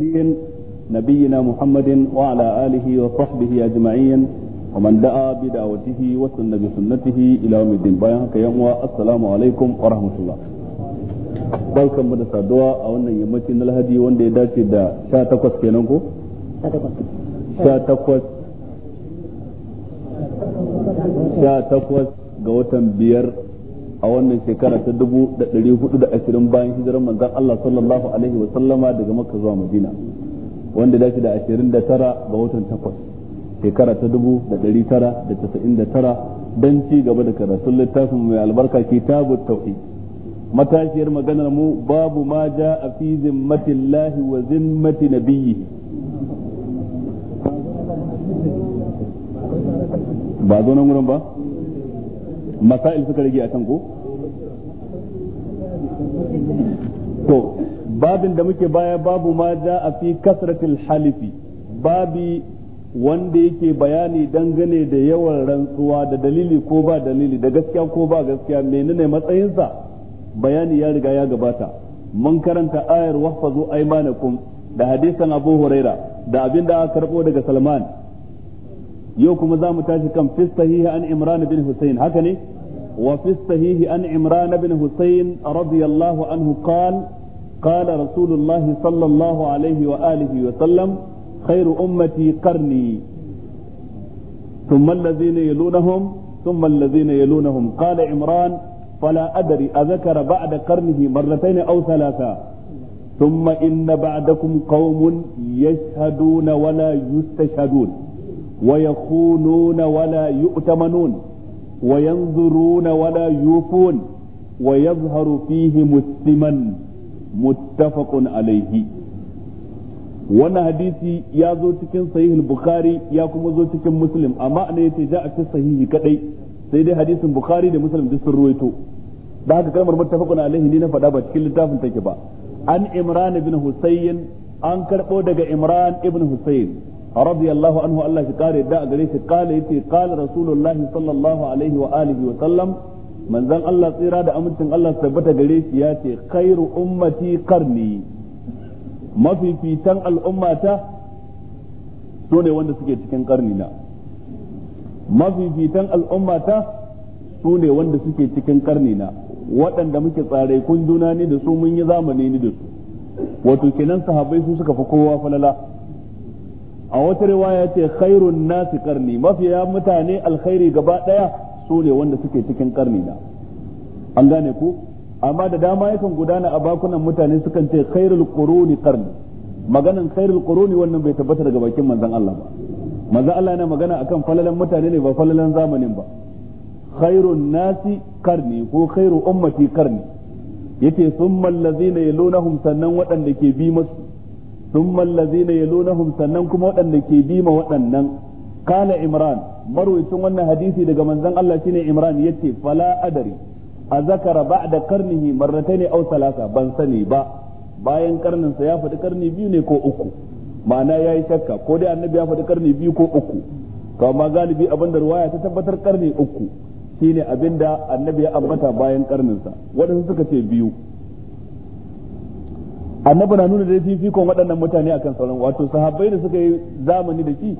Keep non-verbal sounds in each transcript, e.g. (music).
نبينا محمد وعلى آله وصحبه أجمعين ومن دعا بدعوته وسن بسنته إلى يوم الدين بيان يوم السلام عليكم ورحمة الله barkan mu da saduwa a wannan yammacin na lahadi wanda ya dace da sha takwas kenan ko? sha takwas sha ga watan biyar a wannan shekara ta dubu da ɗari hudu da ashirin bayan hijirar manzan Allah sallallahu alaihi wa sallama daga Makka zuwa Madina wanda dace da ashirin da tara ga watan takwas shekara ta dubu da ɗari tara da tasa'in da tara don ci gaba da karatun littafin mai albarka kitabu tauhid matashiyar maganar mu babu ma ja a fi zimmatillahi wa zimmati nabiyyi ba zo nan gurin ba masail suka rage a can ko to babin da muke baya babu ma ja a fi kasratil halifi babi wanda yake bayani dangane da yawan rantsuwa da dalili ko ba dalili da gaskiya ko ba gaskiya menene matsayinsa bayani ya riga ya gabata mun karanta ayar wahfazu aymanakum da hadisan Abu Huraira da abin da aka karbo daga Salman yau kuma za mu tashi kan fi an Imran bin Hussein haka ne وفي الصحيح عن عمران بن حسين رضي الله عنه قال قال رسول الله صلى الله عليه وآله وسلم خير أمتي قرني ثم الذين يلونهم ثم الذين يلونهم قال عمران فلا أدري أذكر بعد قرنه مرتين أو ثلاثة ثم إن بعدكم قوم يشهدون ولا يستشهدون ويخونون ولا يؤتمنون وينظرون ولا يوفون ويظهر فيه مسلما متفق عليه wannan hadisi ya zo cikin sahihul bukhari ya kuma zo cikin muslim amma ne yace ja a cikin sahihi kadai sai dai hadisin bukhari da muslim duk sun ruwaito da haka kalmar muttafaqun alaihi ne na faɗa ba cikin littafin take ba an imran ibn husayn an karɓo daga imran ibn husayn radiyallahu anhu Allah shi kare da a gare shi kala yace kala rasulullah sallallahu alaihi wa alihi wa sallam manzon Allah tsira da amincin Allah tabbata gare ce khairu ummati al'ummata su cikin karni na mafifitan al'ummata su ne wanda suke cikin karni na waɗanda muke tsare kun juna ne da su mun yi zamani ne da wato kenan sahabbai su suka fi kowa falala a wata riwaya ce khairun nasi karni mafiya mutane alkhairi gaba daya su ne wanda suke cikin karni na an gane ku amma da dama yakan gudana a bakunan mutane sukan ce khairul quruni karni maganan khairul quruni wannan bai tabbata daga bakin manzon Allah ba manzon Allah yana magana akan falalan mutane ne ba falalan zamanin ba khairun nasi karni ko khairu ummati karni yace summal allazina yalunahum sannan waɗanda ke bi masu thumma allazina yalunahum sannan kuma waɗanda ke bi ma waɗannan qala imran marwayin wannan hadisi daga manzon Allah shine imran yace fala adari azakara ba'da qarnihi marratayn aw thalatha ban sani ba bayan karnin sa ya faɗi karni biyu ne ko uku ma'ana yayi shakka ko dai annabi ya faɗi karni biyu ko uku to amma galibi abin da ruwaya ta tabbatar karni uku shine abinda annabi ya ambata bayan karnin sa wadansu suka ce biyu annabi na nuna da fifikon waɗannan mutane akan sauran wato sahabbai da suka yi zamani da shi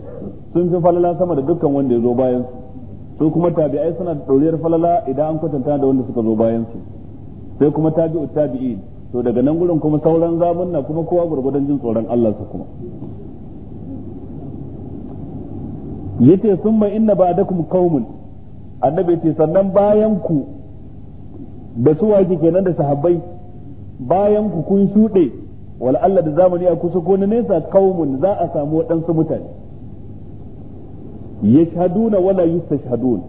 sun fi falala sama da dukkan wanda ya zo bayan su kuma tabi'ai suna da ɗoriyar falala idan an kwatanta da wanda suka zo bayan su sai kuma tabi'u tabi'in to daga nan gurin kuma sauran zamun na kuma kowa gurgudan jin tsoron Allah su kuma yace summa inna ba'dakum qaumun annabi ce sannan bayan ku da su wake kenan da sahabbai bayan ku kun shuɗe wala Allah da zamani a kusa ko na nesa kaumun za a samu waɗansu mutane Ya na wala yustashhadun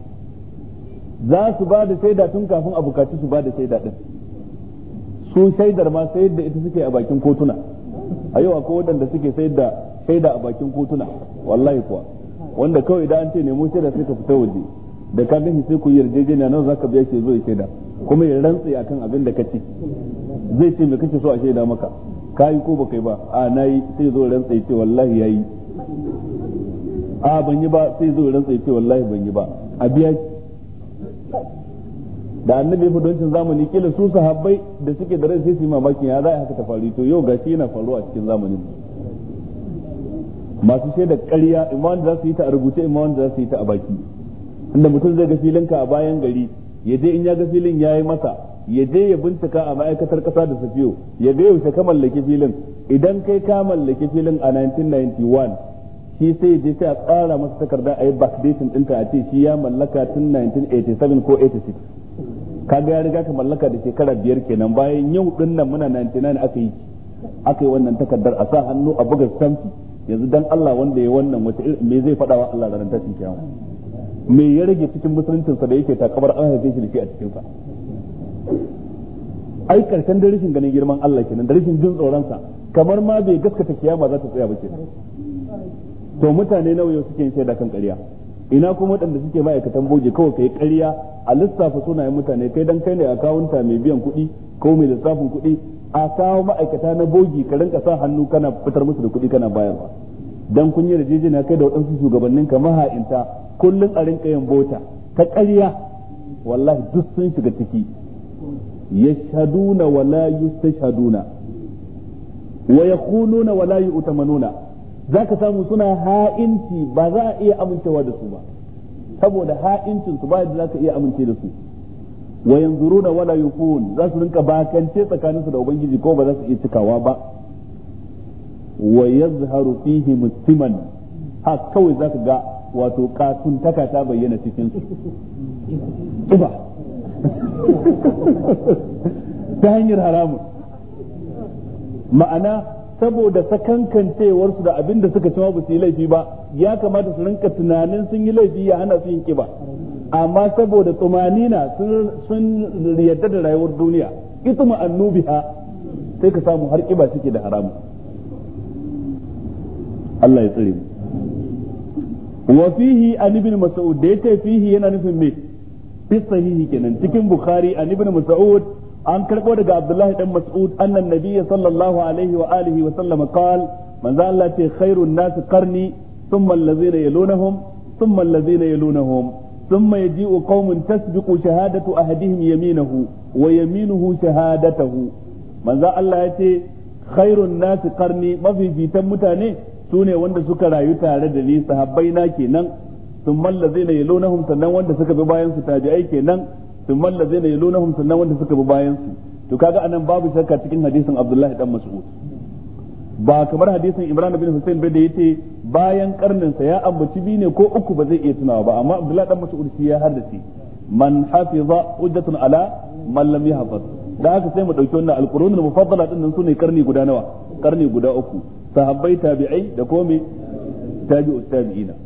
za su ba da shaida tun kafin a bukaci su ba da shaida ɗin. su shaidar ma sayar da ita suke a bakin kotuna a yau akwai waɗanda suke sayar da shaida a bakin kotuna wallahi kuwa wanda kawai da an ce nemo shaida sai ka fita waje da ka gani sai ku yi yarjejeniya nan ka biya shi zo ya shaida kuma ya rantse akan abin da ka ce zai ce me kake so a shaida maka yi ko baka yi ba a nayi sai zo rantsa ce wallahi yayi a ban yi ba sai zo rantsa ce wallahi ban yi ba a biya da annabi fi don zamani kila su sahabbai da suke da rai sai su yi mamakin ya za a haka ta faru to yau gashi yana faruwa a cikin zamanin masu da ƙarya imma wanda za su yi ta a rubuce imma wanda za su yi ta a baki inda mutum zai ga filinka a bayan gari ya je in ya ga filin ya yi masa ya je ya bincika a ma'aikatar kasa da safiyo ya ga yaushe ka mallaki filin idan kai ka mallaki filin a 1991 shi sai je sai a tsara masa takarda a yi backdating dinta a ce shi ya mallaka tun 1987 ko 86 kaga ya riga ka mallaka da shekara biyar kenan bayan yau din nan muna 99 aka yi aka yi wannan takardar a sa hannu a buga stamfi yanzu dan Allah wanda ya wannan wata me zai faɗa wa Allah ranar tashin kiyama me ya rage cikin musuluncinsa da yake takabar an haife shi da shi a cikinsa ai karshen da rashin ganin girman Allah kenan da rashin jin tsoron sa kamar ma bai gaskata kiyama za ta tsaya ba kenan to mutane nawa yau suke yin shaida kan ƙarya ina kuma waɗanda suke ma'aikatan boje kawai kai ƙarya a lissafa sunayen mutane kai dan kai ne a akawunta mai biyan kuɗi ko mai lissafin kuɗi a kawo ma'aikata na bogi ka rinka sa hannu kana fitar musu da kuɗi kana bayarwa dan kun yi rajejina kai da waɗansu shugabannin ka maha'inta kullum a rinka yin bota ta ƙarya wallahi duk sun shiga ciki yashhaduna wa la yustashhaduna wa yaquluna wa la yu'tamanuna zaka samu suna ha'inci ba za iya amincewa da ba saboda ha'incin su ba yadda zaka iya amince da su wa yanzuruna wa la yufun za su rinka bakance tsakaninsu da ubangiji ko ba za su iya cikawa ba wa yazharu fihi musliman ha kawai zaka ga wato katun ta bayyana cikin su (laughs) ta hanyar haramun ma'ana saboda sakankancewarsu da abin da suka cewa ba su yi laifi ba ya kamata su rinka tunanin sun yi laifi ya hana su yin kiba amma saboda tsumanina sun yarda da rayuwar duniya ita ma'annubiha sai ka samu har kiba suke da haramu Allah ya tsare mu wa fihi an ibn mas'ud da yake fihi yana nufin me fi sahihi kenan cikin bukhari an ibn mas'ud an karbo daga abdullahi dan mas'ud annan nabiyyi sallallahu alaihi wa alihi wa sallam qal manzo Allah ce khairun nas qarni thumma allazina yalunahum thumma allazina yalunahum thumma yaji'u qaumun tasbiqu shahadatu ahadihim yaminahu wa yaminuhu shahadatahu manzo Allah ya ce khairun nas qarni fitan mutane sune wanda suka rayu tare da ni sahabbai na kenan thumma allazina yalunahum sannan wanda suka bi bayan su tabi'ai kenan thumma allazina yalunahum sannan wanda suka bi bayan su to kaga anan babu shakka cikin hadisin Abdullahi dan Mas'ud ba kamar hadisin Imran bin Hussein bai da yace bayan karnin sa ya ambaci bi ne ko uku ba zai iya tunawa ba amma Abdullahi dan Mas'ud shi ya haddace man hafiza hujjatun ala man lam yahfaz da haka sai mu dauki wannan alqurunul mufaddala din nan sune karni guda nawa karni guda uku sahabbai tabi'ai da kome tabi'u tabi'ina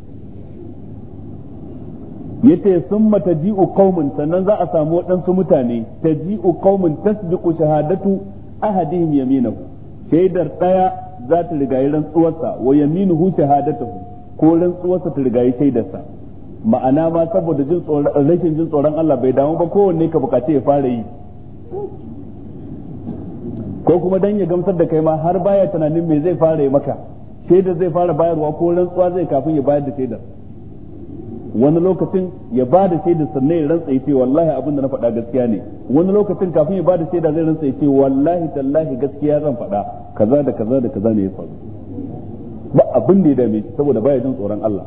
yace mata ji'u qaumun sannan za a samu waɗansu mutane ta ji'u qaumun tasbiqu shahadatu ahadihim yaminahu shaidar daya za ta rigayi rantsuwarsa wa yaminuhu shahadatuhu ko rantsuwarsa ta rigayi shaidarsa ma'ana ma saboda jin tsoron rashin jin tsoron Allah bai damu ba kowanne ka bukace ya fara yi ko kuma dan ya gamsar da kai ma har baya tunanin me zai fara yi maka shaidar zai fara bayarwa ko rantsuwa zai kafin ya bayar da shaidar wani lokacin ya ba da shaidar sannan ya rantsa ya ce wallahi abin da na faɗa gaskiya ne wani lokacin kafin ya ba da shaida zai rantsa ya ce wallahi tallahi gaskiya zan faɗa kaza da kaza da kaza ne ya faru ba abin da ya dame saboda baya jin tsoron Allah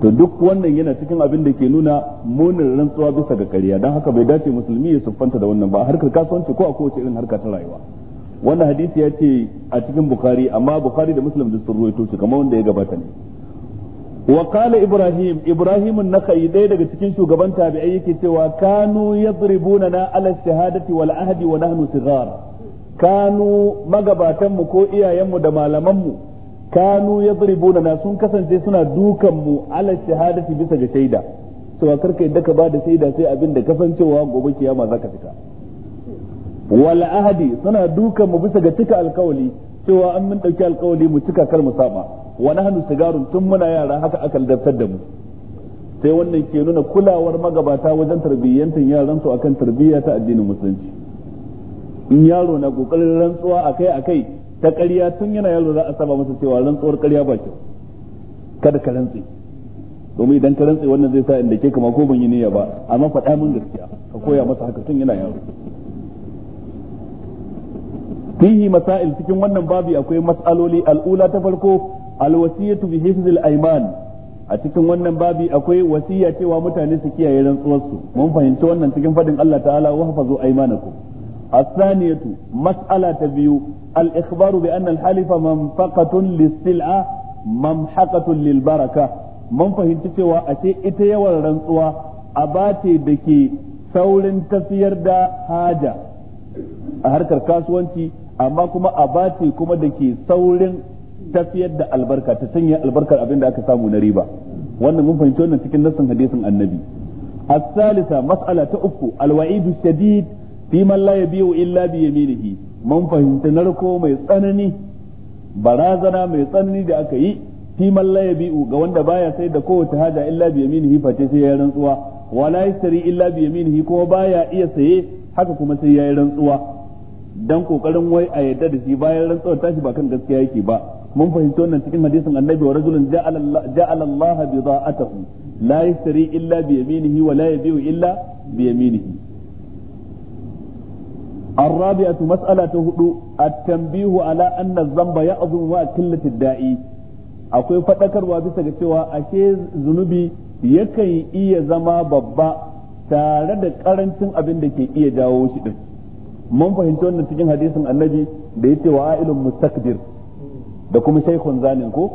to duk wannan yana cikin abin da ke nuna munin rantsuwa bisa ga ƙarya don haka bai dace musulmi ya siffanta da wannan ba harkar kasuwanci ko a kowace irin harka ta rayuwa wannan hadisi ya ce a cikin bukhari amma bukhari da muslim da sun ruwaito shi kamar wanda ya gabata ne wa ibrahim ibrahim na kai dai daga cikin shugaban tabi'ai yake cewa kanu yadribuna na ala shahadati wal ahdi wa nahnu sigar kanu magabatan mu ko iyayen mu da malaman mu kanu yadribuna na sun kasance suna dukan mu ala shahadati bisa ga shaida cewa karka yadda ka bada shaida sai abin da kasancewa gobe kiyama zaka fita wal ahdi suna dukan mu bisa ga cika alkawali cewa an mun dauki alkawari mu cika kalmu mu saba wa nahnu sigarun tun muna yara haka aka ladabtar da mu sai wannan ke nuna kulawar magabata wajen tarbiyyantar yaran su akan tarbiyya ta addinin musulunci in yaro na kokarin rantsuwa akai akai ta ƙarya tun yana yaro za a saba masa cewa rantsuwar ƙarya ba kyau kada ka rantsi domin idan ka rantsi wannan zai sa inda ke kama ko ban yi niyya ba amma faɗa min gaskiya ka koya masa haka tun yana yaro fihi masail cikin wannan babi akwai mas'aloli al'ula ta farko alwasiyatu bi hifzil iman a cikin wannan babi akwai wasiya cewa mutane su kiyaye rantsuwarsu mun fahimci wannan cikin faɗin Allah ta'ala wa iman aymanakum as-saniyatu mas'ala ta biyu al-ikhbaru bi anna halifa manfaqatun lis-sil'a mamhaqatun lil-baraka mun fahimci cewa ashe ita yawan rantsuwa abace da ke saurin tafiyar da haja a harkar kasuwanci amma kuma abati kuma da ke saurin tafiyar da albarka ta sanya albarkar abin da aka samu na riba wannan mun fahimci wannan cikin nassin hadisin annabi as-salisa mas'ala ta uku al shadid fi man la yabiu illa bi yaminihi mun fahimta narko mai tsanani barazana mai tsanani da aka yi fi man la yabiu ga wanda baya sai da kowace haja illa bi yaminihi fa sai ya rantsuwa wala yasri illa bi yaminihi kuma baya iya saye haka kuma sai ya rantsuwa dan kokarin wai a yadda da shi bayan rantsuwar tashi ba kan gaskiya yake ba mun fahimci wannan cikin hadisin annabi wa rajulun ja'ala Allah bida'atahu la yashtari illa bi yaminihi wa la yabi'u illa bi yaminihi الرابعة مسألة هدو التنبيه على أن الذنب يعظم وقلة الداعي akwai faɗakarwa bisa ga cewa ashe zunubi yakan iya zama babba tare da ƙarancin abin da ke iya jawo shi din. mun fahimci wannan cikin hadisin annabi da yace wa ailun mustakbir da kuma shaykhun zanin ko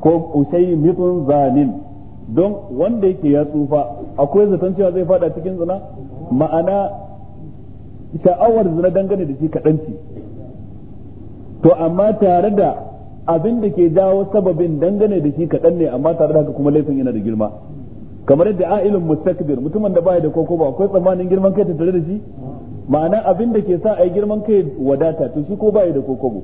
ko mitun zanin don wanda yake ya tsufa akwai zaton cewa zai fada cikin zina ma'ana sha'awar zina dangane da shi kaɗan ce to amma tare da abin da ke jawo sababin dangane da shi kaɗan ne amma tare da haka kuma laifin yana da girma kamar yadda a'ilun mustakbir mutumin da baya da koko ba akwai tsammanin girman kai tare da shi ma'ana abin da ke sa yi girman kai wadata to shi ko bai da kokobo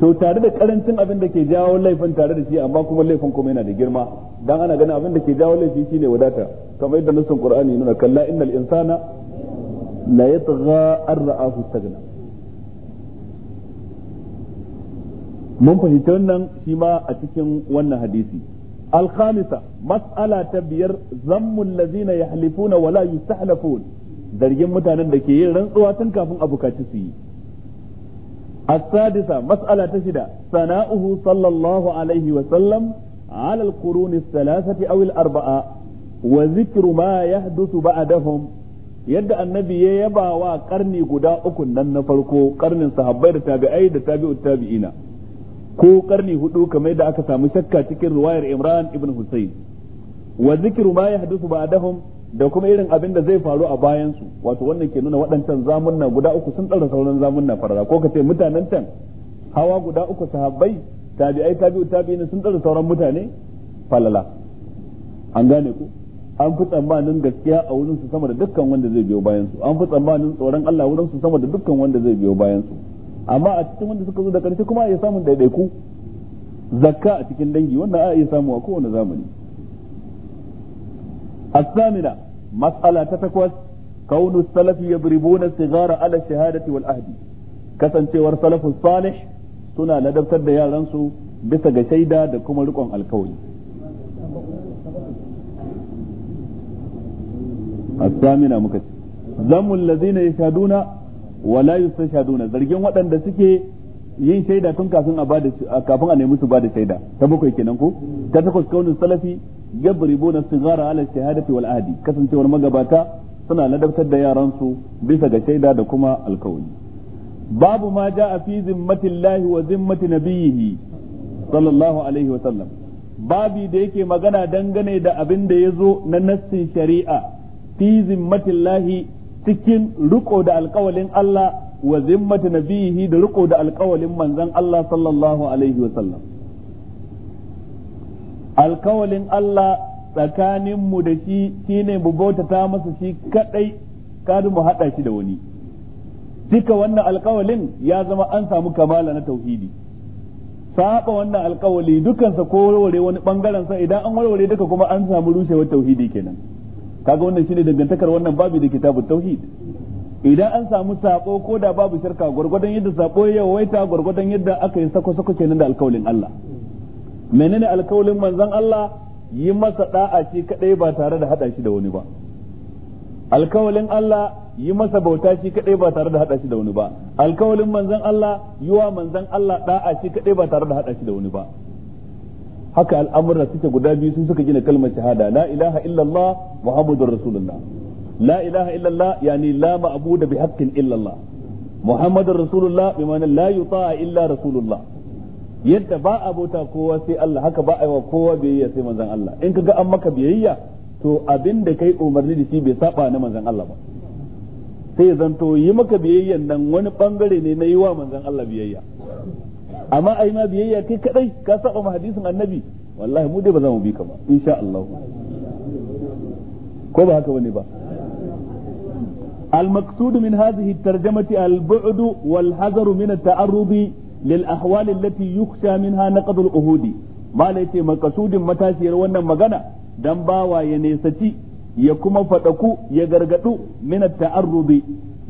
to tare da karancin abin da ke jawo laifin tare da shi amma kuma laifin kuma yana da girma dan ana ganin abin da ke jawo laifi shine wadata kamar yadda nassin qur'ani nuna kalla innal insana la yatgha ar-ra'ahu istaghna mun fahimci wannan shi ma a cikin wannan hadisi masala ta biyar ذم الذين يحلفون wala يستحلفون zargin mutanen da ke yin rantsuwa tun kafin a bukaci su yi sana'uhu sallallahu alaihi wa sallam halal عليه وسلم على القرون الثلاثة أو الأربعة وذكر ما يحدث بعدهم yadda annabi ya yaba wa karni guda uku nan na farko karnin sahabbai da tabi'ai da tabi'ut tabi'ina ko karni hudu kamar da aka samu shakka cikin riwayar Imran ibn Husayn wa zikru ma yahdathu ba'dahum da kuma irin abin da zai faru a bayan su wato wannan ke nuna waɗancan zamunna guda uku sun ɗaura sauran zamunna farara ko ka ce mutanen can hawa guda uku sahabbai tabi'ai tabi'u tabi'in sun ɗaura sauran mutane falala an gane ku an fi tsammanin gaskiya a wurin su sama da dukkan wanda zai biyo bayan su an fi tsammanin tsoron Allah wurin su sama da dukkan wanda zai biyo bayan su amma a cikin wanda suka zo da ƙarshe kuma a iya samun ɗaiɗaiku zakka a cikin dangi wannan a iya samu a kowane zamani الثامنة مسألة تتكوث كون السلف يضربون الصغار على الشهادة والعهد كسن تور سلف الصالح سنة سد يا رنسو بسا شيدا دكما لكم الكوي الثامنة مكتب ذم الذين يشهدون ولا يستشهدون زرجين وطن دسكي yin shaida tun kafin a bada kafin a nemi su bada shaida ta bakwai kenan ko ta takwas kaunin salafi na sigara ala shahadati wal ahdi kasancewar magabata suna ladabtar da yaran su bisa ga shaida da kuma alkawari babu ma a fi llahi wa zimmati nabiyhi sallallahu alaihi wa sallam babi da yake magana dangane da abin da yazo na nassin shari'a fi llahi cikin riko da alkawalin Allah wa zimmata nabihi da riko da alƙawalin manzon Allah sallallahu alaihi wa sallam Alƙawalin Allah tsakanin mu da shi shine mu bautata masa shi kadai kada mu hada shi da wani duka wannan alƙawalin ya zama an samu kamala na tauhidi saba wannan alkawali dukansa ko warware wani bangaren sa idan an warware duka kuma an samu rushewar tauhidi kenan kaga wannan shine dangantakar wannan babu da kitabut tauhid idan an samu sako ko da babu shirka gwargwadon yadda sako ya waita gwargwadon yadda aka yi sako sako kenan da alkawalin Allah menene alkawalin manzon Allah yi masa da'a shi kadai ba tare da hada shi da wani ba alkawalin Allah yi masa bauta shi kadai ba tare da hada shi da wani ba alkawalin manzon Allah yi wa manzon Allah da'a shi kadai ba tare da hada shi da wani ba haka al'amuran suke guda biyu sun suka gina kalmar shahada la ilaha illallah muhammadur rasulullah la ilaha illallah yani la ma'budu bi haqqin illallah muhammadur rasulullah bi ma'ana la yuta'a illa rasulullah yadda ba a bauta kowa sai Allah haka ba a yi wa kowa biyayya sai manzon Allah in kaga an maka biyayya to abin da kai umarni da shi bai saba na manzon Allah ba sai zanto yi maka biyayyan nan wani bangare ne na yi wa manzon Allah biyayya amma yi ma biyayya kai kadai ka saba ma hadisin annabi wallahi mu dai ba za mu bi ka ba insha Allah ko ba haka bane ba المقصود من هذه الترجمة البعد والحذر من التعرض للأحوال التي يخشى منها نقض الأهود ما ليتي مقصود متاشي روانا مغانا دنباوا ينيستي يكما فتكو يغرغتو من التعرض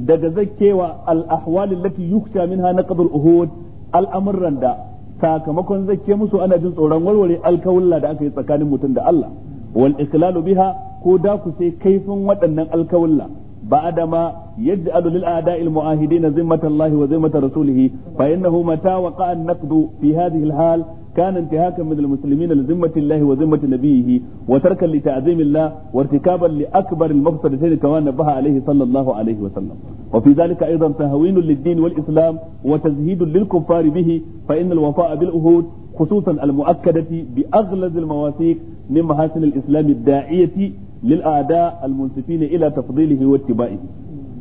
دجزكيوا الأحوال التي يخشى منها نقض الأهود الأمر دا sakamakon zake musu ana jin tsoron warware alkawulla da aka yi tsakanin mutum da Allah wal ikhlalu biha ko da ku sai kaifin waɗannan alkawulla بعدما يجعل للأعداء المعاهدين ذمة الله وذمة رسوله فإنه متى وقع النقد في هذه الحال كان انتهاكا من المسلمين لذمة الله وذمة نبيه وتركا لتعظيم الله وارتكابا لأكبر المفسدتين كما نبه عليه صلى الله عليه وسلم وفي ذلك أيضا تهوين للدين والإسلام وتزهيد للكفار به فإن الوفاء بالعهود خصوصا المؤكدة بأغلظ المواثيق من محاسن الإسلام الداعية lil a'da al munsifina ila tafdilihi wa ittiba'ihi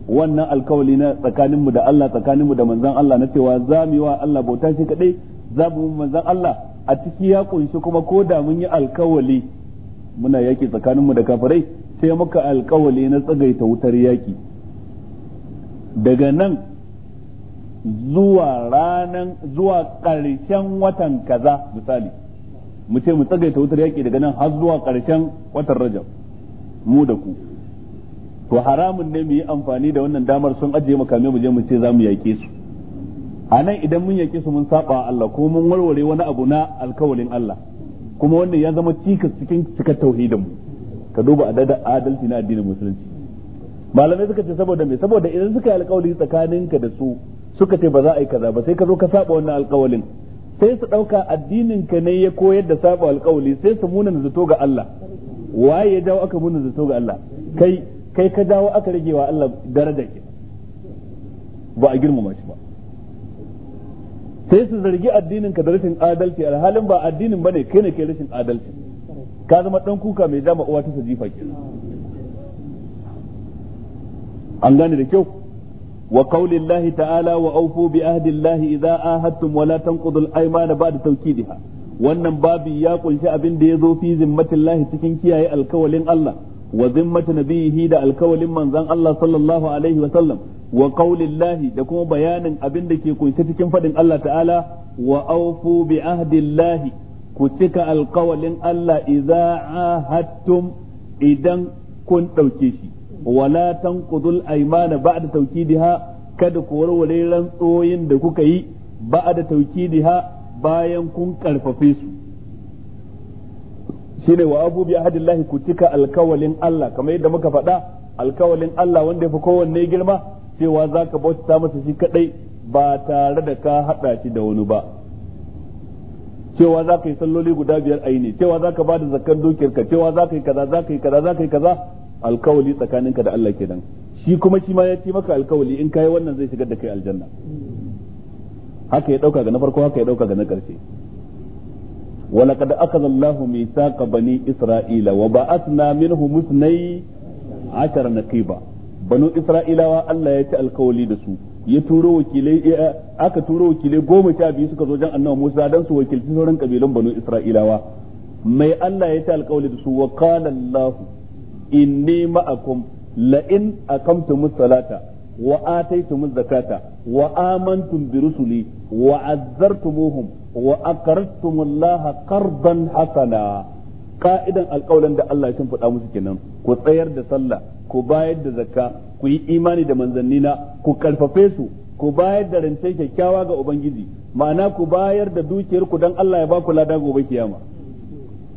wannan alkawali na tsakaninmu da Allah tsakaninmu da manzon Allah na cewa za mu yi wa Allah bauta shi kadai za mu manzon Allah a ciki ya ƙunshi kuma ko da mun yi alkawali muna yaki tsakaninmu da kafirai sai muka alkawali na tsagaita wutar yaki daga nan zuwa ranan zuwa watan kaza misali mu ce mu tsagaita wutar yaki daga nan har zuwa karshen watan rajab mu da ku to haramun ne mu yi amfani da wannan damar sun ajiye makame mu je mu ce za mu yaƙe su a nan idan mun yaƙe su mun saba Allah ko mun warware wani abu na alkawalin Allah kuma wannan ya zama cikas cikin cikar tauhidin mu ka duba adalci na addinin musulunci malamai suka ce saboda me saboda idan suka yi alkawali tsakaninka da su suka ce ba za a yi kaza ba sai ka zo ka saba wannan alkawalin sai su ɗauka addinin ka ne ya koyar da saba alkawali sai su munana zato ga Allah waye ya dawo aka muna zato ga Allah kai kai ka dawo aka rage wa Allah daraja ke ba a girmama shi ba sai su zargi addinin ka da rashin adalci alhalin ba addinin ne, kai ne ke rashin adalci ka zama dan kuka mai dama uwa ta sajifa ke an gane da kyau wa ta'ala wa awfu bi ahdillahi idza ahadtum wa la tanqudul aymana ba'da tawkidiha wannan babi ya kunshi abin da ya zo fi lahi cikin kiyaye alkawalin Allah wa zimmatu nabiyihi da alkawalin manzon Allah sallallahu alaihi wa sallam wa lahi da kuma bayanin abin da ke kunshi cikin fadin Allah ta'ala wa aufu bi ahdillahi ku cika alkawalin Allah idza ahadtum idan kun dauke shi wala tanqudul aymana ba'da tawkidiha kada ku warware rantsoyin da kuka yi ba'da tawkidiha bayan kun karfafe su shine wa abu ahadillahi ku cika alkawalin Allah kamar yadda muka faɗa alkawalin Allah wanda ya fi kowanne girma cewa za ka bauta masa shi kadai ba tare da ka hada shi da wani ba cewa za ka yi salloli guda biyar aini ne cewa za ka ba da zakkan dukiyarka cewa za ka yi kaza za ka yi kaza za ka yi kaza alkawali tsakaninka da Allah kenan shi kuma shi ma ya ci maka alkawali in yi wannan zai shigar da kai aljanna haka ya dauka ga farko haka ya dauka ga na karshe ولقد أخذ الله ba بني إسرائيل وبعثنا منهم اثني عشر نقيبا بنو إسرائيل الله يتأل قولي دسو ya turo wakilai aka tura wakilai goma sha biyu suka zo jan annabi Musa dan su wakilci sauran kabilan banu Isra'ilawa mai Allah ya ci alƙawli da su wa qala Allah inni ma'akum la in aqamtumus salata wa ataytumuz zakata wa amantum bi rusuli wa azzartumuhum wa aqradtumullaha qardan hasana ka'idan alƙawalan da Allah ya shimfiɗa musu kenan ku tsayar da sallah ku bayar da zakka ku yi imani da manzannina ku karfafe su ku bayar da rance kyakkyawa ga ubangiji ma'ana ku bayar da dukiyar ku dan Allah ya ba ku lada gobe kiyama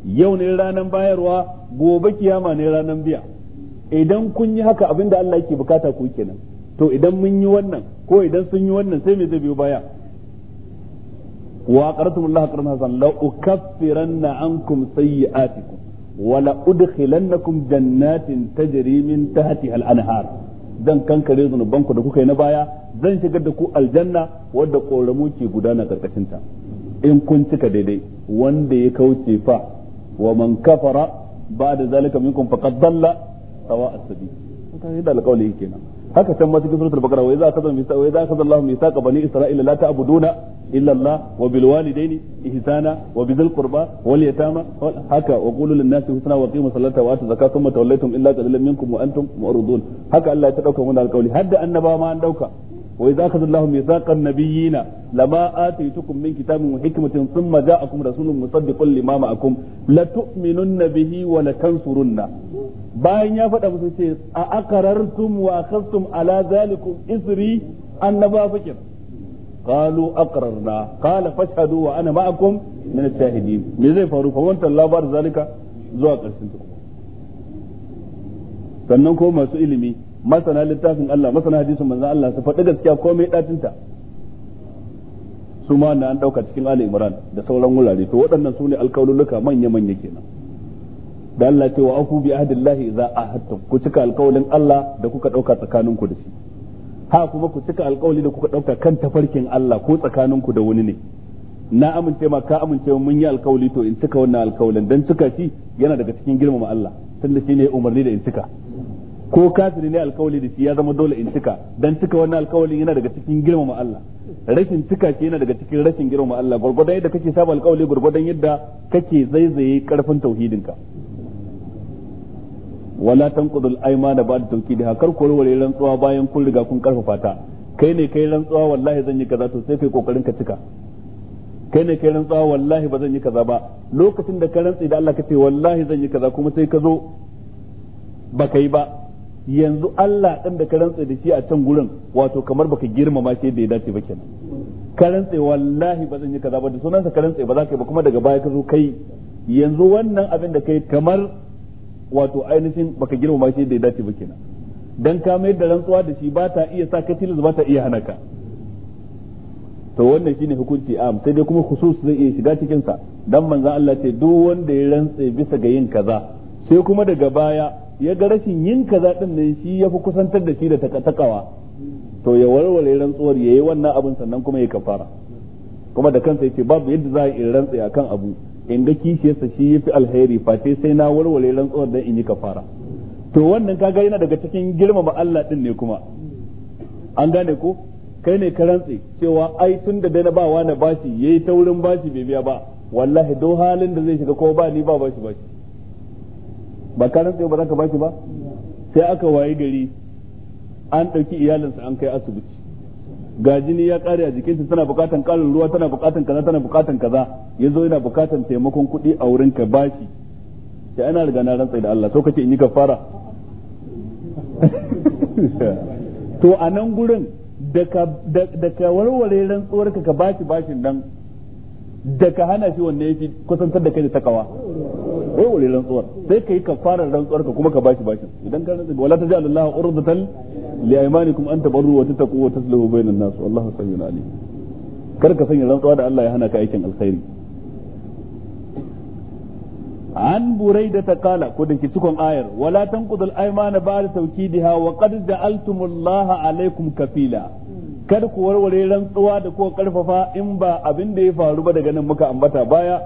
yau ne ranan bayarwa gobe kiyama ne ranan biya idan kun yi haka abinda Allah yake bukata ku kenan to idan mun yi wannan ko idan sun yi wannan sai me zai biyo baya wa qartum Allah qarna hasan la ukaffiranna ankum sayyi'atikum wa la udkhilannakum jannatin tajri min tahtiha al-anhar dan kankare zanubanku da kuka yi na baya zan shigar da ku aljanna wadda koramu ke gudana karkashin ta in kun cika daidai wanda ya kauce fa wa man kafara ba'da zalika minkum faqad dalla sawa'a sabil kaga da alƙawari kenan haka can ma cikin suratul baqara wa idza akhadha misa wa idza akhadha Allahu misaqa bani isra'ila la ta'buduna illa Allah wa bil walidayni ihsana wa bizil qurba wal yatama haka wa qulu lin nasi husna wa qimu salata wa atu zakata thumma tawallaytum illa qalilan minkum wa antum mu'ridun haka Allah ya ta dauka wannan alƙawari har da annabawa ma an dauka wa idza akhadha Allahu mithaqan nabiyyina lama ataytukum min kitabin wa hikmatin thumma ja'akum rasulun musaddiqun lima ma'akum la tu'minunna bihi wa la tansurunna bayan ya faɗa musu ce a aqarartum wa akhadtum ala zalikum isri annaba fakir قالوا أقررنا قال فاشهدوا وأنا معكم من الشاهدين من فاروق فمن الله بعد ذلك زوا قرسنتكم sannan ko masu ilimi masana littafin Allah masana hadisin manzon Allah su faɗi gaskiya komai datinta su ma na an ɗauka cikin Ali Imran da sauran wurare to waɗannan su ne alƙawluluka manya-manya kenan da Allah ce wa aku bi ahdillahi idza ahadtum ku cika alƙawlin Allah da kuka ɗauka tsakanin ku da shi ha kuma ku cika alƙawli da kuka ɗauka kan tafarkin Allah ko tsakanin ku da wani ne na amince ma ka amince mun yi alƙawli to in cika wannan alƙawlin dan cika shi yana daga cikin girmama Allah tunda shine umarni da in cika ko kafiri ne alkawali da shi ya zama dole in cika dan cika wannan alkawalin yana daga cikin girmama Allah rashin cika shi yana daga cikin rashin girmama Allah gurgurdan yadda kake saba alkawali gurgurdan yadda kake zaizaye karfin tauhidinka wala tanqudul aymana ba'da tawkidiha kar ku warware rantsuwa bayan kun riga kun karfafa ta kai ne kai rantsuwa wallahi zan yi kaza to sai kai kokarin ka cika kai ne kai rantsuwa wallahi ba zan yi kaza ba lokacin da ka rantsi da Allah ka ce wallahi zan yi kaza kuma sai ka zo ba kai ba yanzu Allah ɗin da ka rantse da shi a can gurin wato kamar baka girmama shi da ya dace ba kenan ka rantse wallahi ba zan yi kaza ba da sunansa ka rantse ba za ka yi ba kuma daga baya ka zo kai yanzu wannan abin da kai kamar wato ainihin baka girmama shi da ya dace ba kenan dan ka mai da rantsuwa da shi ba ta iya sa ka tilas ba ta iya hana ka to wannan shine hukunci am sai dai kuma khusus zai iya shiga cikin sa dan manzon Allah ce duk wanda ya rantse bisa ga yin kaza sai kuma daga baya ya ga rashin yin kaza din nan shi ya fi kusantar da shi da takatakawa to ya warware rantsuwar yayi wannan abin sannan kuma ya kafara kuma da kansa yace babu yadda za a yi rantsi akan abu in ga kishiyarsa shi yafi alheri fate sai na warware rantsuwar dan in yi kafara to wannan kaga yana daga cikin girmama Allah din ne kuma an gane ko kai ne ka rantsi cewa ai tun da na bawa na bashi yayi taurin bashi bai biya ba wallahi don halin da zai shiga ko ba ni ba bashi bashi ba ka rantsa ba za ka ba sai aka wayi gari an ɗauki iyalinsa an kai asibiti ga jini ya kare a jikinsa tana bukatan karin ruwa tana bukatan kaza tana bukatan kaza ya zo yana bukatan taimakon kuɗi a wurin ka bashi sai ana riga na rantsa da Allah so kace in yi kafara (laughs) to a nan gurin da ka warware rantsuwar ka ka bashi bashin nan da ka hana shi wanne yafi kusantar da kai da takawa sai wali rantsuwar sai ka yi kafarar rantsuwar ka kuma ka bashi bashin idan ka rantsa wala taj'al Allah urdatan li aymanikum an tabarru wa tattaqu wa tasluhu bainan nas wallahu samiun alim kar ka sanya rantsuwa da Allah ya hana ka aikin alkhairi an burai da ta kala ko da ke cikon ayar wala tanqudul aymana ba'da tawkidiha wa qad ja'altumullaha alaykum kafila kada ku warware rantsuwa da kuka karfafa in ba abin da ya faru ba daga nan muka ambata baya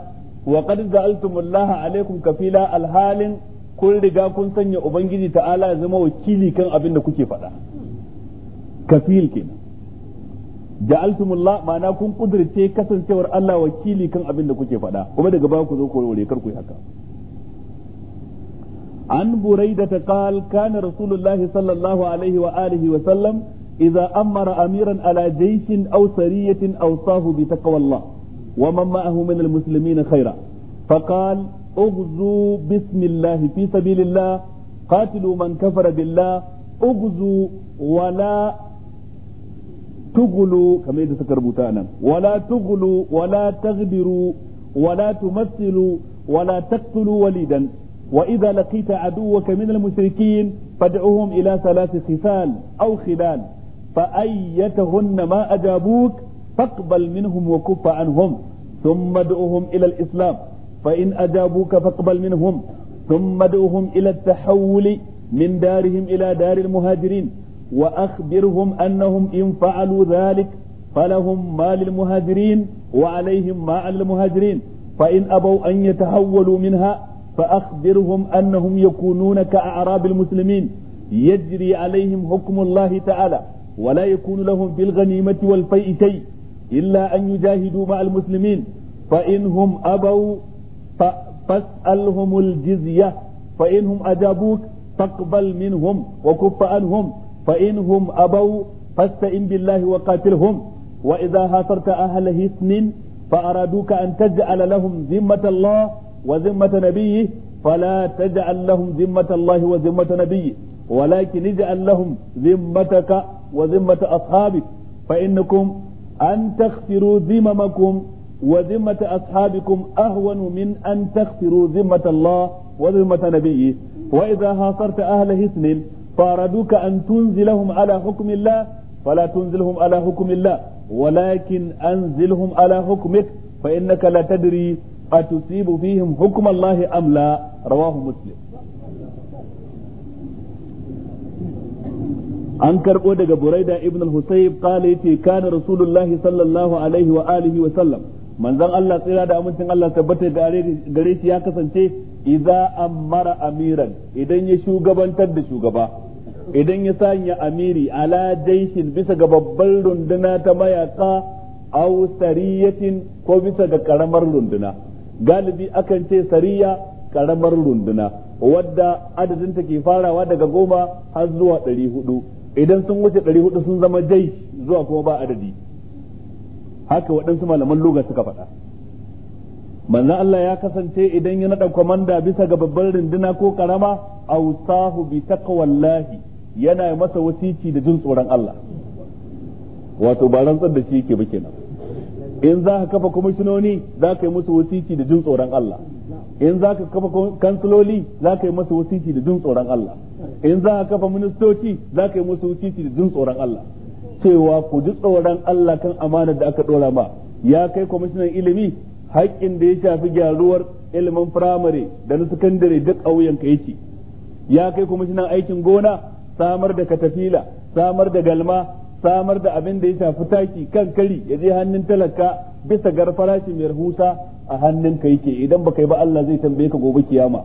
wa da ja'altumullaha alaikum kafila alhalin kun riga kun sanya ubangiji ta'ala ya zama wakili kan abin da kuke faɗa kafil kenan ja'altumullah ma'ana kun kudirce kasancewar Allah wakili kan abin da kuke faɗa kuma daga baya ku zo ku rore yi haka an buraida ta qal kana rasulullahi sallallahu alaihi wa alihi wa sallam idza amara amiran ala jayshin aw sariyatin awsahu bi ومن معه من المسلمين خيرا فقال اغزوا بسم الله في سبيل الله قاتلوا من كفر بالله اغزوا ولا تغلوا كما يدى سكر ولا تغلوا ولا تغدروا ولا تمثلوا ولا تقتلوا وليدا وإذا لقيت عدوك من المشركين فادعهم إلى ثلاث خصال أو خلال فأيتهن ما أجابوك فاقبل منهم وكف عنهم ثم ادعوهم إلى الإسلام فإن أجابوك فاقبل منهم ثم ادعوهم إلى التحول من دارهم إلى دار المهاجرين وأخبرهم أنهم إن فعلوا ذلك فلهم ما للمهاجرين وعليهم ما على المهاجرين فإن أبوا أن يتحولوا منها فأخبرهم أنهم يكونون كأعراب المسلمين يجري عليهم حكم الله تعالى ولا يكون لهم في الغنيمة والفيء شيء إلا أن يجاهدوا مع المسلمين فإنهم أبوا فاسألهم الجزية فإنهم أجابوك فاقبل منهم وكف عنهم فإنهم أبوا فاستئن بالله وقاتلهم وإذا هاصرت أهل هثن فأرادوك أن تجعل لهم ذمة الله وذمة نبيه فلا تجعل لهم ذمة الله وذمة نبيه ولكن اجعل لهم ذمتك وذمة أصحابك فإنكم أن تغفروا ذممكم وذمة أصحابكم أهون من أن تغفروا ذمة الله وذمة نبيه وإذا هاصرت أهل حسن فأرادوك أن تنزلهم على حكم الله فلا تنزلهم على حكم الله ولكن أنزلهم على حكمك فإنك لا تدري أتصيب فيهم حكم الله أم لا رواه مسلم an karbo daga buraida ibn al-husayb qala yace kana rasulullahi sallallahu alaihi wa alihi wa sallam manzon Allah tsira da amincin Allah tabbata gare shi ya kasance idza amara amiran idan ya shugabantar da shugaba idan ya sanya amiri ala jaishin bisa ga babbar runduna ta mayaka aw sariyatin ko bisa ga karamar runduna galibi akan ce sariya karamar runduna wadda adadin ta ke farawa daga goma har zuwa ɗari hudu idan sun wuce ɗari 400 sun zama jai zuwa kuma ba adadi haka waɗansu malaman luga suka faɗa manzan Allah ya kasance idan ya naɗa kwamanda bisa ga babban rinduna ko karama awsahu bi taqwallahi yana masa wasiki da jin tsoron Allah wato ba rantsar da shi yake ba kenan in za ka kafa kwamishinoni za ka yi musu wasiki da jin tsoron Allah in za ka kafa kansiloli za ka yi masa wasiki da jin tsoron Allah in za ka kafa ministoci za ka yi masa wasiki da jin tsoron Allah cewa ku ji tsoron Allah kan amanar da aka dora ma ya kai kwamishinan ilimi haƙƙin da ya shafi gyaruwar ilimin firamare da na sakandare duk a ka yake ya kai kwamishinan aikin gona samar da katafila samar da galma samar da abin da ya shafi taki kan kari ya je hannun talaka bisa gar farashi mai rahusa a hannunka yake idan baka yi ba Allah zai tambaye ka gobe kiyama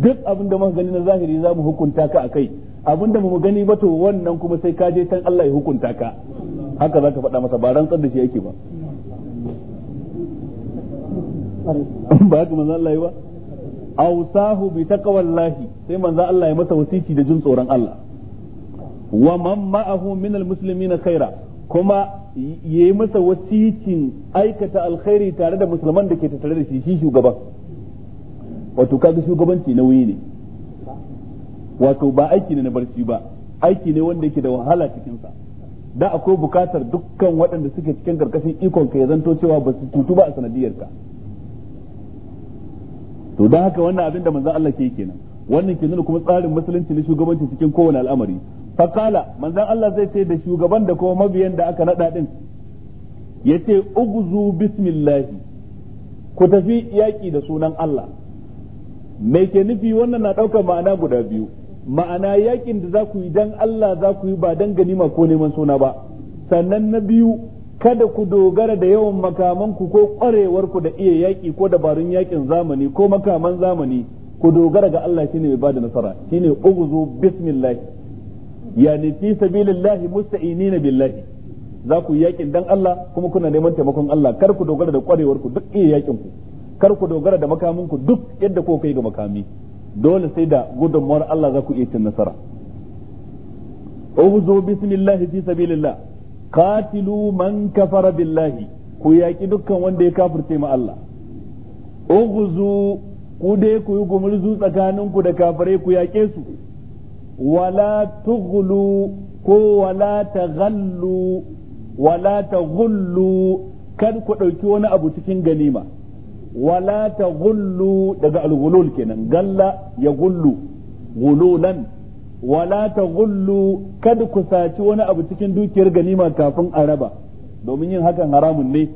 duk abin da muka gani na zahiri za mu hukunta ka akai abin da mu gani ba to wannan kuma sai ka je tan Allah ya hukunta ka haka zaka faɗa masa ba rantsar da shi yake ba ba haka manzo Allah yi ba awsahu bi taqwallahi sai manzo Allah ya masa wasici da jin tsoron Allah wa man ma'ahu min almuslimina khaira kuma yayi masa wasicin aikata alkhairi tare da musulman da ke tattare da shi shi shugaban wato kaga shugabanci nauyi ne wato ba aiki ne na barci ba aiki ne wanda yake da wahala cikin da akwai bukatar dukkan waɗanda suke cikin karkashin ikon ka ya zanto cewa ba su tutu ba a sanadiyar ka to don haka wannan abin da manzon Allah ke kenan wannan ke nuna kuma tsarin musulunci na shugabanci cikin kowane al'amari fakala manzan Allah zai ce da shugaban da kuma mabiyan da aka naɗa ɗin ya ce Uguzu, bismillahi ku tafi yaƙi da sunan Allah me ke nufi wannan na ɗaukar ma'ana guda biyu ma'ana yaƙin da za ku yi dan Allah za ku yi ba dan ganima ko neman suna ba sannan na biyu kada ku dogara da yawan makamanku ko ƙwarewarku da iya yaƙi ko dabarun yaƙin zamani ko makaman zamani ku dogara ga Allah shine mai bada nasara shine Uguzu, bismillahi yani fi sabilillahi musta'inina billahi za ku yakin dan Allah kuma kuna neman taimakon Allah kar ku dogara da kwarewar ku duk iya yakin ku kar ku dogara da makamin ku duk yadda ku kai ga makami dole sai da gudunmuwar Allah za ku iya cin nasara uzu bismillahi fi sabilillah qatilu man kafara billahi ku yaki dukkan wanda ya kafirce ma Allah uzu ku dai ku yi gumurzu tsakaninku da kafirai ku yake su wala tughlu ko wala taghallu wala taghullu kar ku ɗauki wani abu cikin ganima wala taghullu daga alghulul kenan galla ya gullu gululan wala taghullu kad ku saci wani abu cikin dukiyar ganima kafin a raba domin yin hakan haramun ne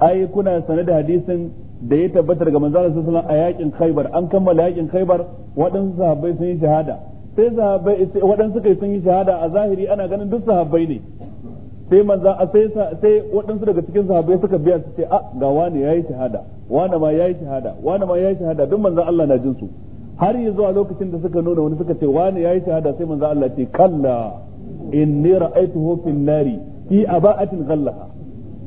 ai kuna sanar da hadisin da ya tabbatar ga manzon sallallahu alaihi wasallam a yakin Khaibar an kammala yakin Khaibar waɗansu sahabbai sun yi shahada sai sahabbai waɗansu suka sun yi shahada a zahiri ana ganin duk sahabbai ne sai manza a sai sai waɗansu daga cikin sahabbai suka biya su ce a ga wani ya yi shahada wani ma ya yi shahada wani ma ya yi shahada duk manzon Allah na jin su har yi zuwa lokacin da suka nuna wani suka ce wani ya yi shahada sai manzon Allah ce kalla in inni hu fin nari fi aba'atin ghallaha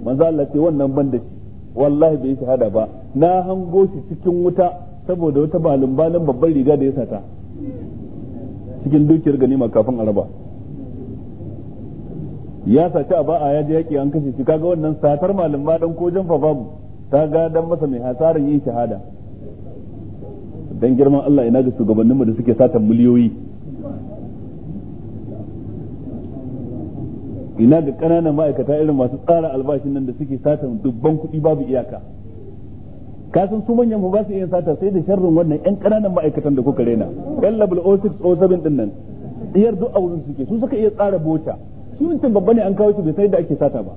manzon Allah ce wannan ban da shi wallahi bai yi shahada ba na hango shi cikin wuta saboda wata balin balin babban riga da ya sata cikin dukiyar ganima kafin a raba ya saci a ba'a ya je yaƙi an kashe shi kaga wannan satar malam ma dan ko janfa babu ta ga dan masa mai hasarin yin shahada dan girman Allah ina ga shugabannin mu da suke sata miliyoyi ina ga ƙananan ma'aikata irin masu tsara albashin nan da suke satan dubban kuɗi babu iyaka ka san su manyan ba su iya sata sai da sharrin wannan yan ƙananan ma'aikatan da kuka rena yan level 0607 din nan iyar duk a wurin suke su suka iya tsara bota su mutum babba ne an kawo shi bai sai da ake sata ba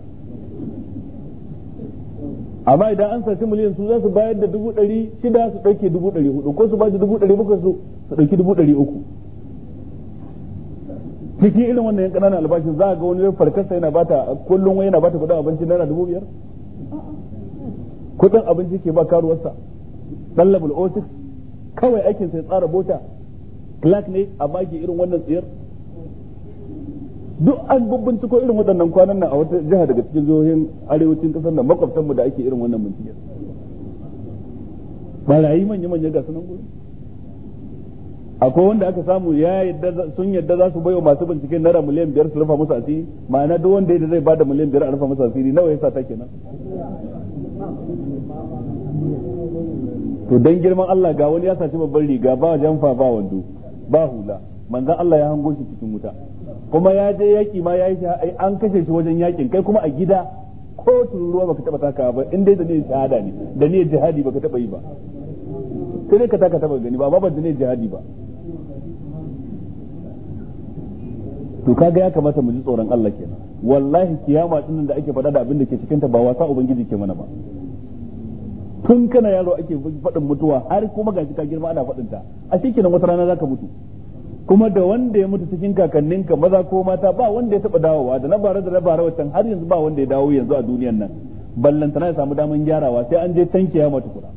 amma idan an sace miliyan su za su bayar da dubu ɗari shida su ɗauke dubu ɗari hudu ko su ba da dubu ɗari bakwai su su ɗauki dubu ɗari uku cikin irin wannan yan ƙananan albashin za a ga wani farkarsa yana bata kullum wani yana bata kuɗin abinci naira dubu biyar kudin abinci ke ba karuwarsa dan labul otis kawai aikin sai tsara bota clark ne a baki irin wannan tsiyar duk an binciko irin waɗannan kwanan nan a wata jiha daga cikin jihohin arewacin ƙasar nan makwabtanmu da ake irin wannan bincike barayi manya manya ga sunan gudu. akwai wanda aka samu ya yadda sun yadda za su baiwa masu bincike naira miliyan biyar su rufa musu asiri ma'ana duk wanda yadda zai bada miliyan biyar a rufa musu asiri nawa ya sa ta kenan to dan girman Allah ga wani ya saci babban riga ba jamfa ba wando ba hula manzon Allah ya hango shi cikin wuta kuma ya je yaki ma ya yi shi an kashe shi wajen yakin kai kuma a gida ko ruwa baka taba taka ba in dai da ne shahada ne da ne jihadi baka taba yi ba sai dai ka taka taba gani ba ba da ne jihadi ba to kaga ya kamata mu ji tsoron Allah kenan wallahi kiyama din da ake faɗa da abin da ke cikin ta ba wasa ubangiji ke mana ba tun kana yaro ake faɗin mutuwa har kuma gashi ka girma ana faɗin ta a kenan wata rana zaka mutu kuma da wanda ya mutu cikin kakanninka maza ko mata ba wanda ya taba dawowa da na bara da na bara wancan har yanzu ba wanda ya dawo yanzu a duniyar nan ballantana ya samu daman gyarawa sai an je can kiyama tukuna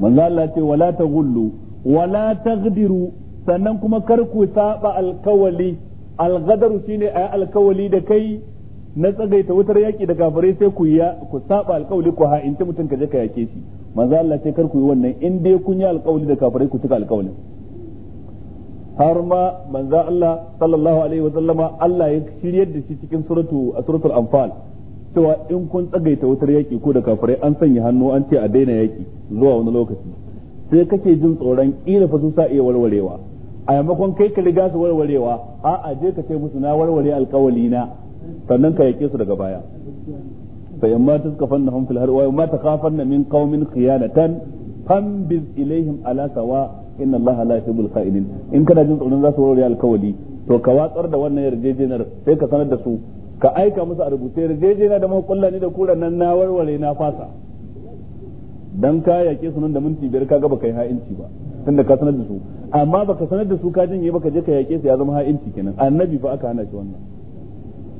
manzo Allah ce wala taghullu wala taghdiru sannan kuma kar ku saba alkawali alghadaru shine ayi alkawali da kai na tsagaita wutar yaki da gafare sai ku ya ku saba alkawali ku ta mutum ka je ka yake shi manzo Allah sai kar ku yi wannan in dai kun yi alkawali da gafare ku tuka alkawalin har ma manzo Allah sallallahu alaihi wa sallama Allah ya shiryar da shi cikin suratu suratul anfal cewa in kun tsagaita wutar yaki ko da kafirai an sanya hannu an ce a daina yaki zuwa wani lokaci sai kake jin tsoron kila fa su sa iya warwarewa a yamakon kai ka riga su warwarewa a'a je ka ce musu na warware alkawali na sannan ka yake su daga baya fa yamma fanna fil har wa yamma takhafanna min qaumin khiyanatan fambiz ilaihim ala sawa inna allaha la yuhibbul kha'inin in kana jin tsoron za su warware alkawali to ka watsar da wannan yarjejeniyar sai ka sanar da su ka aika musu a rubuce yarjejeniya da mahukulla ni da kuran nan na warware na fasa dan ka yake su nan da minti biyar ka baka yi ha'inci ba tunda ka sanar da su amma baka sanar da su ka janye baka je ka yake su ya zama ha'inci kenan annabi fa aka hana shi wannan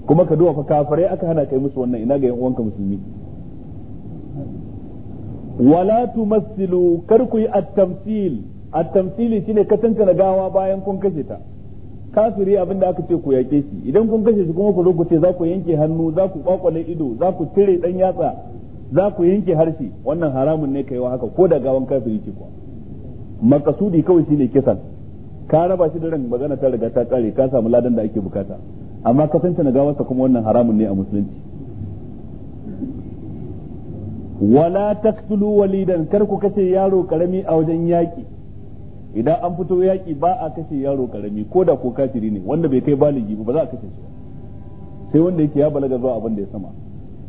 kuma ka duwa fa kafare aka hana kai musu wannan ina ga yan uwanka musulmi wala tumassilu kar ku yi at-tamthil at-tamthil shine ka tantana gawa bayan kun kashe ta kafiri abinda aka ce ku yake shi idan kun kashe shi kuma ku zo ku ce za ku yanke hannu za ku kwakwale ido za ku cire dan yatsa za ku yanke harshe wannan haramun ne kaiwa haka ko da gawan kafiri ce kuwa makasudi kawai shine kisan ka raba shi da ran magana ta riga ta kare ka samu ladan da ake bukata amma ka tantance gawarsa kuma wannan haramun ne a musulunci wala taqtulu walidan kar ku kace yaro karami a wajen yaki idan an fito yaki ba a kashe yaro karami ko da ko kafiri ne wanda bai kai baligi ba za a kashe shi sai wanda yake ya balaga zuwa abin da ya sama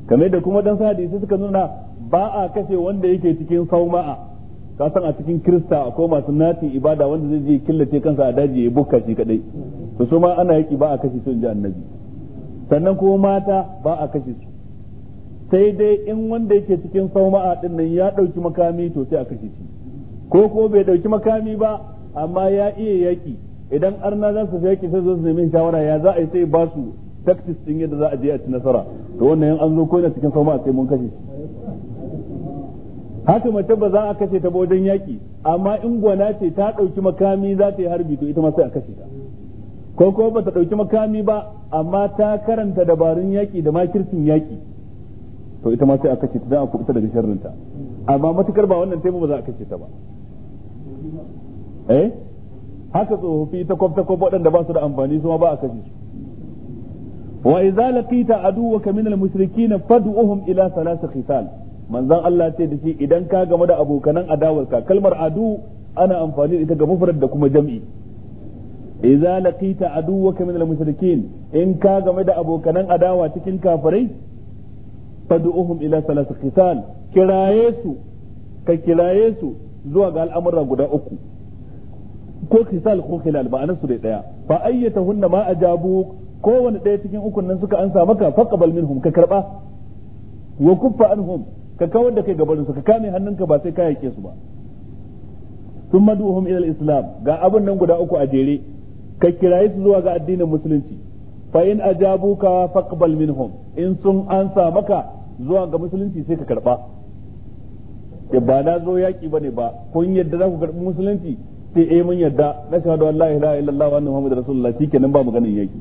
kamar da kuma dan hadisi suka nuna ba a kashe wanda yake cikin sauma'a ka san a cikin kirista akwai masu nati ibada wanda zai je killace kansa a daji ya bukka shi kadai to su ma ana yaki ba a kashe su inji annabi sannan kuma mata ba a kashe su sai dai in wanda yake cikin sauma'a din nan ya dauki makami to sai a kashe shi ko ko bai dauki makami ba amma ya iya yaki idan arna za su yaki sai zo su nemi shawara ya za a yi sai ba su tactics din yadda za a je a ci nasara to wannan an zo ko na cikin sauma'a sai mun kashe shi haka mace ba za a kashe ta ba wajen yaƙi amma in gwana ce ta ɗauki makami za ta yi harbi to ita ma sai a kashe ta ko kuma ba ta ɗauki makami ba amma ta karanta dabarun yaƙi da makircin yaƙi, to ita ma sai a kashe ta za a kuɓuta daga sharrinta amma matukar ba wannan taimu ba za a kashe ta ba eh haka tsofaffi ta kwafta ta waɗanda ba su da amfani su ma ba a kashe su wa idza laqita aduwaka min al-mushrikeena fad'uhum ila thalath qital manzon Allah ce da shi idan ka gama da abokanan adawarka kalmar adu ana amfani da ita ga mufrad da kuma jam'i idza laqita aduwaka min al-mushrikeen in ka gama da abokanan adawa cikin kafirai fad'uhum ila salat qital kiraye su ka kiraye su zuwa ga al'amuran guda uku ko kisal ko khilal ma'anar su dai daya fa ayyatahunna ma ajabu kowanne daya cikin ukun nan suka ansa maka faqbal minhum ka karba wa kuffa anhum ka kawar da kai gabarin su ka kame hannunka ba sai ka yake su ba sun maduhum ila islam ga abin nan guda uku a jere ka kiraye su zuwa ga addinin musulunci fa in ajabuka faqbal minhum in sun ansa maka zuwa ga musulunci sai ka karba ba na zo yaki bane ba kun yadda za ku karbi musulunci sai eh mun yadda na shahadu wallahi la ilaha illallah wa anna muhammadar rasulullah shikenan ba maganin yaki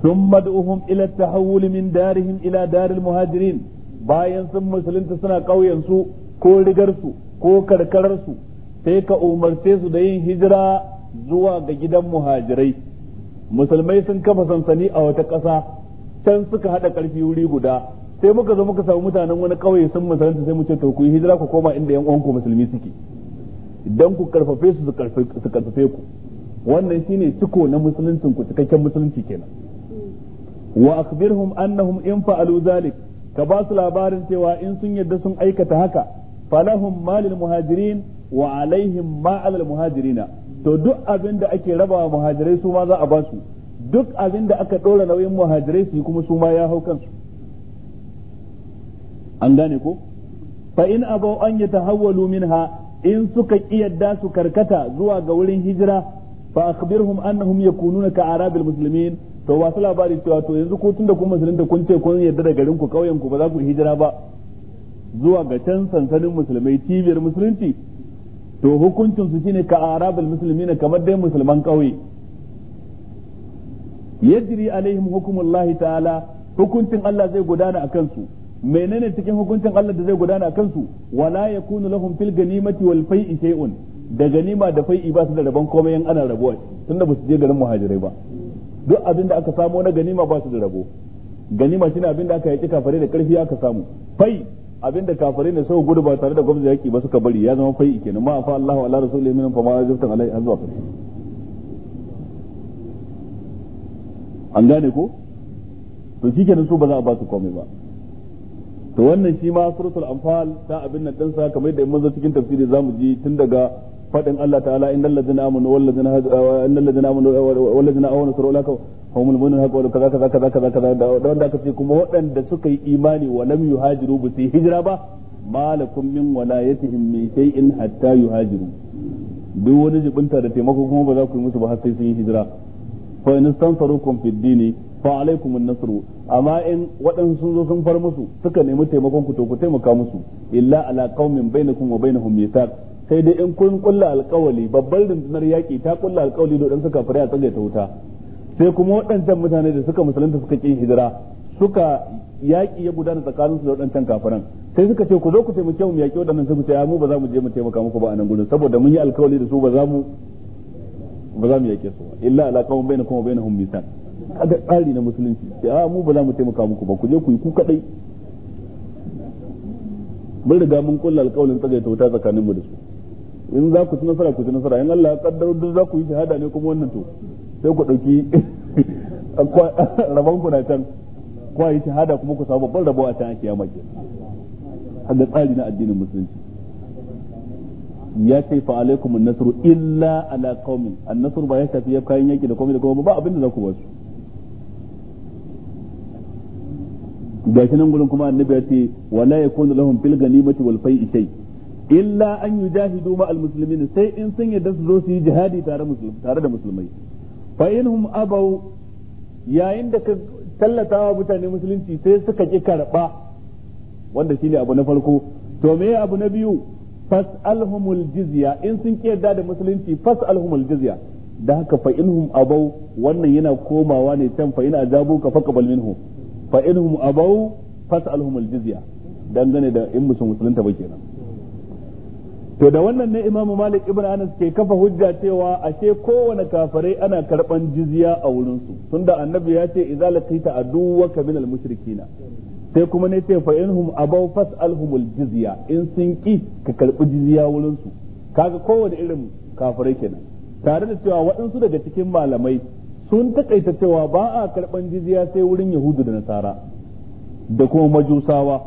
ثم ادعوهم الى التحول من دارهم الى دار المهاجرين bayan sun musulunta suna ƙauyen su ko rigarsu ko karkarar sai ka umarce su da yin hijira zuwa ga gidan muhajirai musulmai sun kafa sansani a wata ƙasa can suka haɗa ƙarfi wuri guda sai muka zo muka samu mutanen wani ƙauye sun musulunta sai mu ce to ku yi hijira ku koma inda yan uwanku musulmi suke Idan ku karfafe su su karfafe ku wannan shine ciko na musuluncin ku cikakken musulunci kenan wa akhbirhum annahum in fa'alu zalika ka ba su labarin cewa in sun yadda sun aikata haka falahum malil muhajirin wa alaihim ma alal muhajirina to duk abin da ake rabawa muhajirai su ma za a ba su duk abin da aka ɗora nauyin muhajirai su kuma su ma ya hau kansu an gane ko fa in abau an yatahawwalu minha in suka kiyarda su karkata zuwa ga wurin hijira fa akhbirhum annahum yakununa ka arabil muslimin to wasu labari cewa to yanzu ko tun tunda kun da kun ce kun yarda da garin ku kauyen ku ba za ku hijira ba zuwa ga can sansanin musulmai cibiyar musulunci to hukuncin su shine ka arabul muslimina kamar dai musulman kauye yajri alaihim hukumullahi ta'ala hukuncin Allah zai gudana akan su menene cikin hukuncin Allah da zai gudana akan su wala yakunu lahum fil ganimati wal fai'i shay'un da ganima da fai'i ba su da rabon komai in ana rabuwa tunda ba su je garin muhajirai ba duk abin da aka samu na ganima ba su da rabo ganima shine abin da aka yaki kafare da karfi aka samu fai abin da kafare ne sau gudu ba tare da gwamnati yaki ba suka bari ya zama fai kenan ma fa Allahu ala rasulihi min fa ma wajibtan alai azwa an gane ko to shikenan su ba za a ba su komai ba to wannan shi ma suratul anfal ta abin nan dan sa kamar yadda mun zo cikin tafsiri zamu ji tun daga faɗin Allah ta'ala innal ladzina amanu wal ladzina innal ladzina amanu wal ladzina amanu sura ulaka humul mu'minun haqqa kaza kaza kaza kaza kaza da wanda aka ce kuma waɗanda suka yi imani wa lam yuhajiru bu sai hijira ba malakum min walayatihim min shay'in hatta yuhajiru duk wani jibinta da taimako kuma ba za ku yi musu ba har sai sun yi hijira fa in istansarukum fid dini fa alaikum an-nasru amma in waɗansu sun zo sun far musu suka nemi taimakon ku taimaka musu illa ala qaumin bainakum wa sai dai in kun kulla alkawali babbar rundunar yaƙi ta kulla alkawali da waɗansu kafirai a tsagai ta wuta sai kuma waɗancan mutane da suka musulunta suka ƙi hijira suka yaƙi ya gudana tsakaninsu da waɗancan kafiran sai suka ce ku zo ku taimake mu yaƙi waɗannan sai ku ce mu ba za mu je mu taimaka muku ba a nan gudun saboda mun yi alkawali da su ba za mu ba za mu yaƙe su ba illa ala qawmin bainakum wa bainahum misan kada tsari na musulunci sai a mu ba za mu taimaka muku ba ku je ku yi ku kaɗai mun riga mun kulla alkawalin tsagaita wuta tsakaninmu da su in za ku ci nasara ku ci nasara in Allah ya kaddaro duk za ku yi shahada ne kuma wannan to sai ku dauki (laughs) (laughs) rabon ku na can ku yi shahada kuma ku samu babban rabo a can a kiyama ke ga tsari na addinin musulunci ya ce fa alaikum an-nasru illa ala qaumin an-nasru ba ya tafi ya kayan yaki da komai da komai ba abin da za ku ba su shi nan gurin kuma annabi ya ce wala yakunu lahum fil ganimati wal fai'i shay' illa an yujahidu ma al-muslimin sai in sun yadda su zo su yi jihadi tare tare da musulmai fa inhum abaw yayin da ka tallatawa mutane musulunci sai suka ki karba wanda shine abu na farko to me abu na biyu fas'alhumul jizya in sun ki yadda da musulunci fas'alhumul jizya da haka fa inhum abaw wannan yana komawa ne can fa in ajabu ka faqbal minhum fa inhum abaw fas'alhumul jizya dangane da in musulunta ba kenan to da wannan ne imamu malik ibn anas ke kafa hujja cewa ashe kowane kafare ana karban jizya a wurin su tunda annabi ya ce idza laqita wa minal mushrikina sai kuma ne ce fa inhum abaw al jizya in sun ki ka karbi jizya wurin su kaga kowane irin kafare kenan tare da cewa waɗansu daga cikin malamai sun taƙaita cewa ba a karban jizya sai wurin yahudu da nasara da kuma majusawa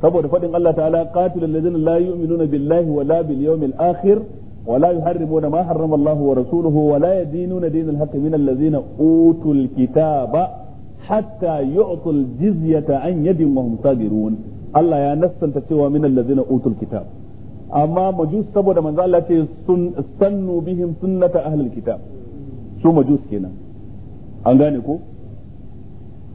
saboda faɗin Allah ta'ala qatil lazina la yu'minuna billahi wa la bil yawmil akhir wa la yuharrimuna ma wa rasuluhu wa la yadinuna dinal haqqi min alladhina utul kitaba hatta yu'tul jizyata an yadin wa Allah ya nassanta cewa min alladhina utul kitab amma majus saboda manzo Allah sun sannu bihim sunnata ahlil kitab su majus kenan an gane ko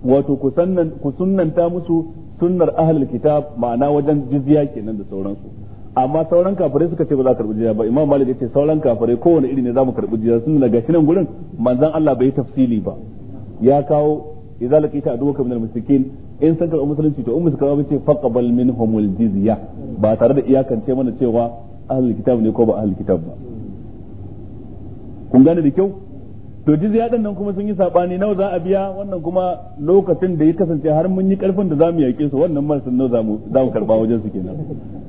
wato ku sannan ku sunnanta musu sunnar ahlul kitab ma'ana wajen jizya kenan da sauransu amma sauran kafirai suka ce ba za ka karbi jizya ba imam malik yace sauran kafirai kowane iri ne za mu karbi jizya sun daga shi nan gurin manzon Allah bai tafsili ba ya kawo idza laqita aduka minal musyrikin in san ka musulunci to in suka karɓi ce faqabal minhumul jizya ba tare da iyakance mana cewa ahlul kitab ne ko ba ahlul kitab ba kun gane da kyau to jizya din nan kuma sun yi sabani nawa za a biya wannan kuma lokacin da ya kasance har mun yi karfin da zamu yake su wannan ma sun nawa zamu zamu karba wajen su kenan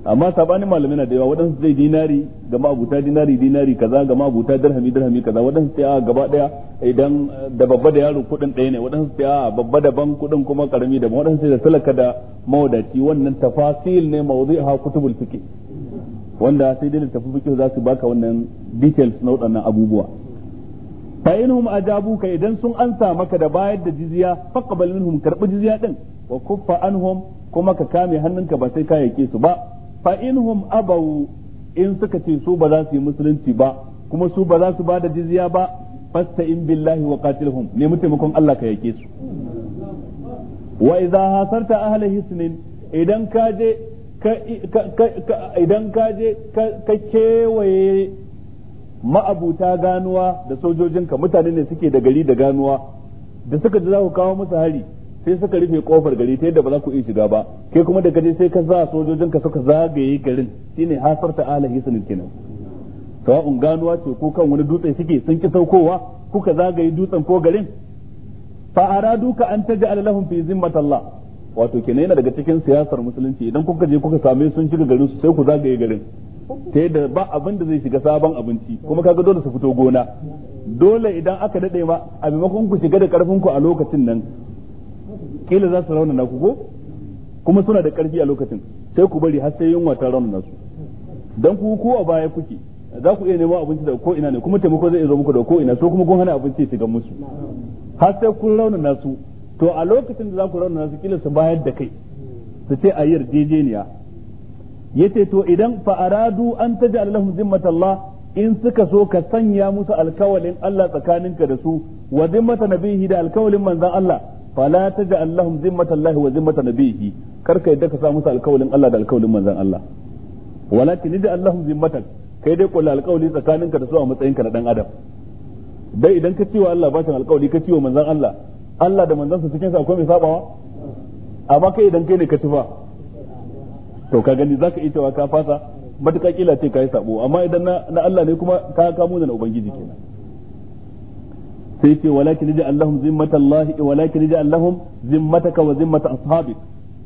amma sabanin malamai na da yawa waɗansu zai dinari ga ma'abuta dinari dinari kaza ga ma'abuta dirhami dirhami kaza waɗansu sai a gaba daya idan da babba da yaro kuɗin ɗaya ne waɗansu sai a babba da ban kuɗin kuma karami da waɗansu sai da talaka da mawadaci wannan tafasil ne mawdu'iha kutubul fiqh wanda sai dai tafi fiqh za su baka wannan details na waɗannan abubuwa fa inhum ajabuka idan sun ansa maka da bayar da jizya faqbal minhum karbi jizya din wa kuffa anhum kuma ka kame hannunka ba sai ka yake su ba fa inhum abaw in suka ce su ba za su yi musulunci ba kuma su ba za su ba da jizya ba fasta'in billahi wa qatilhum ne taimakon Allah ka yake su wa idza hasarta ahli hisnin idan ka je idan ka je ka kewaye ma'abuta ganuwa da sojojinka mutane ne suke da gari da ganuwa da suka ji za ku kawo musu hari sai suka rufe kofar gari ta yadda ba za ku iya shiga ba kai kuma da gari sai ka za sojojinka suka zagaye garin shine hasarta ala hisanin kenan sawa'un ganuwa ce ko kan wani dutse suke sun ki saukowa kuka zagaye dutsen ko garin fa aradu ka an taj'al lahum fi zimmatallah wato kenan yana daga cikin siyasar musulunci idan kuka je kuka same sun shiga garin su sai ku zagaye garin ta yadda ba abin da zai shiga sabon abinci kuma kaga dole su fito gona dole idan aka daɗe ma a maimakon ku shiga da ƙarfin ku a lokacin nan kila za su raunana ku ko kuma suna da ƙarfi a lokacin sai ku bari har sai yunwa ta raunana su dan ku ko a baya kuke za ku iya neman abinci daga ko ina ne kuma taimako zai iya zo muku da ko ina so kuma kun hana abinci ya shiga musu har sai kun raunana su to a lokacin da za ku raunana su kila su bayar da kai su ce a yarjejeniya yace to idan fa aradu an taj'al lahum zimmatallah in suka so ka sanya musu alkawalin Allah tsakaninka da su wa zimmata nabihi da alkawalin manzon Allah fala taj'al lahum zimmatallahi wa zimmata nabihi kar ka yadda ka sa musu alkawalin Allah da alkawalin manzon Allah walakin ij'al lahum zimmatan kai dai kullu alkawali tsakaninka da su a matsayinka na dan adam dai idan ka ciwa Allah bashin alkawali ka ciwa manzon Allah Allah da manzon sa cikin sa akwai mai sabawa amma kai idan kai ne ka tufa to ka gani zaka iya cewa ka fasa matuƙa kila ce ka yi sabo amma idan na Allah ne kuma ka kamo da ubangiji kenan sai ce walakin ji Allahum zimmatallahi walakin ji Allahum zimmataka wa zimmata ashabik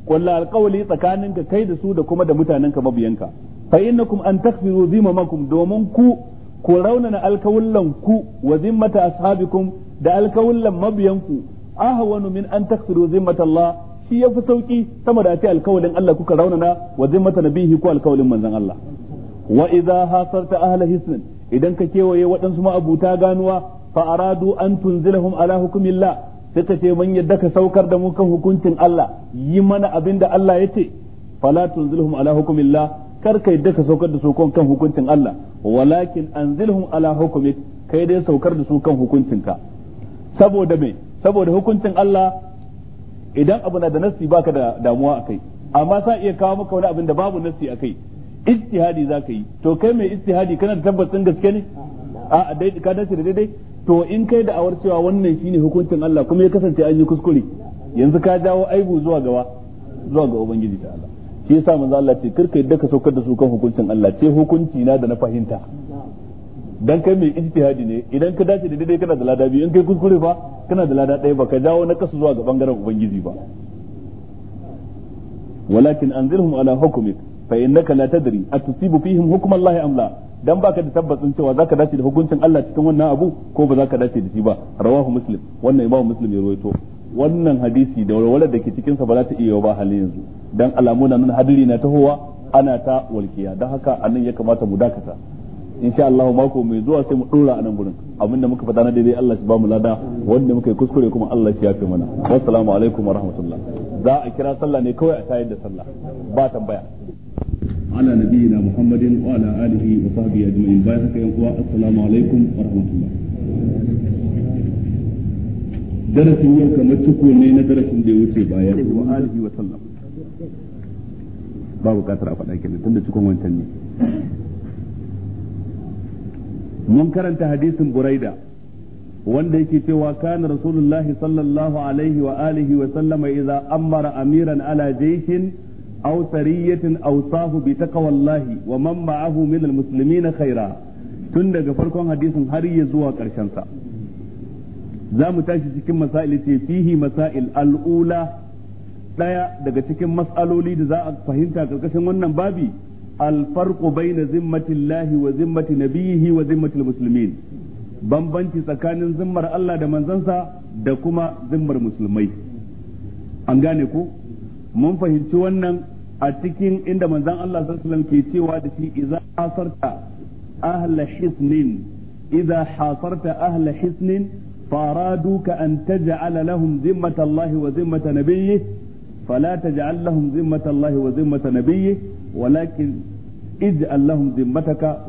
kullu alqawli tsakaninka kai da su da kuma da mutanenka mabiyanka fa innakum an takfiru zimmamakum domin ku ku raunana alkawullan ku wa zimmata ashabikum da alkawullan mabiyanku ahwanu min an takfiru zimmatallah shi ya fi sauki sama da a ce alkawalin Allah kuka raunana wa zimmata nabihi ko alkawalin manzon Allah wa idza hasarta ahla hisn idan ka kewaye waɗansu ma'abuta ganuwa fa aradu an tunzilahum ala hukmillah sai ka ce man yadda ka saukar da mu kan hukuncin Allah yi mana abin da Allah ya ce fala tunzilhum ala hukmillah kar ka yadda ka saukar da su kan hukuncin Allah walakin anzilhum ala hukmik kai dai saukar da su kan hukuncinka saboda me saboda hukuncin Allah idan abu na da nassi baka da damuwa akai amma sa iya kawo maka wani abin da babu nassi akai istihadi zaka yi to kai mai istihadi kana da tabbacin gaske ne a dai ka dace da daidai to in kai da awar cewa wannan shine hukuncin Allah kuma ya kasance an yi kuskure yanzu ka jawo aibu zuwa gawa zuwa ga ubangiji ta Allah shi yasa manzo Allah ce karka yadda ka saukar da su kan hukuncin Allah ce hukunci na da na fahimta dan kai mai ijtihadi ne idan ka dace da daidai kana da lada biyu in kai kuskure fa kana da lada ɗaya ba ka jawo na kasu zuwa ga bangaren ubangiji ba walakin anzilhum ala hukmik fa innaka la tadri atusibu fihim hukm Allah am la dan baka da tabbacin cewa zaka dace da hukuncin Allah cikin wannan abu ko ba zaka dace da shi ba rawahu muslim wannan imamu muslim ya rawaito wannan hadisi da walwalar da ke cikin sa ba za ta iya ba halin yanzu dan alamu na nan hadiri na tahowa ana ta walkiya dan haka anan ya kamata mu dakata insha Allah mako mai zuwa sai mu dora a nan gurin abinda muka faɗa na daidai Allah shi ba mu lada wanda muka yi kuskure kuma Allah shi yafe mana assalamu alaikum wa rahmatullah za a kira sallah ne kawai a tayar da sallah ba tambaya ala nabiyina muhammadin wa ala alihi wa sahbihi ajma'in bayan haka yan uwa assalamu alaikum wa rahmatullah darasin yau kamar ciko ne na darasin da ya wuce baya wa alihi wa sallam ba bukatar a faɗa kenan tunda cikon wancan ne mun karanta hadisin buraida wanda yake cewa kana rasulullahi sallallahu alaihi wa alihi wa sallama idza amara amiran ala jayshin aw sariyatin sahu bi taqwallahi wa man ma'ahu min almuslimin khaira tun daga farkon hadisin har ya zuwa karshen sa za tashi cikin masail ce fihi masail al'ula daya daga cikin mas'aloli da za a fahimta karkashin wannan babi الفرق بين ذمة الله وذمة نبيه وذمة المسلمين bambanci tsakanin zimmar Allah da manzansa da kuma zimmar musulmai an gane mun fahimci wannan a cikin inda manzan Allah sallallahu ke cewa da shi idza hasarta ahla hisnin idza hasarta ahla hisnin faraduka an taj'ala lahum zimmata Allah wa zimmata nabiyyi fala lahum zimmata wa zimmata walakin ij'al lahum dhimmataka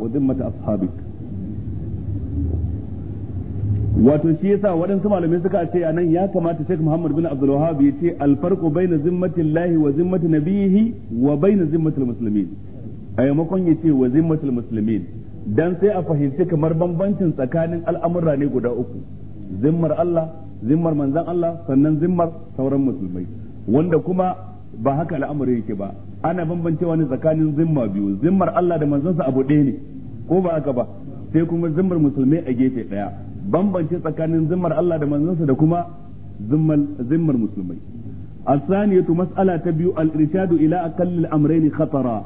wato shi yasa waɗansu malamai suka ce a nan ya kamata Sheikh Muhammad bin Abdul Wahhab ya ce alfarqu baina zimmati Allah wa zimmati nabiyihi wa baina zimmati muslimin a yamakon ya ce wa zimmati muslimin dan sai a fahimci kamar bambancin tsakanin al'amura ne guda uku zimmar Allah zimmar manzon Allah sannan zimmar sauran musulmai wanda kuma ba haka al'amari yake ba ana bambancewa ne tsakanin zimma biyu zimmar Allah da manzansa abu ɗaya ne ko ba haka ba sai kuma zimmar musulmai a gefe ɗaya bambance tsakanin zimmar Allah da manzansa da kuma zimmar musulmai mas'ala ta biyu Al-Irshadu ila aqallil الأمرين khatara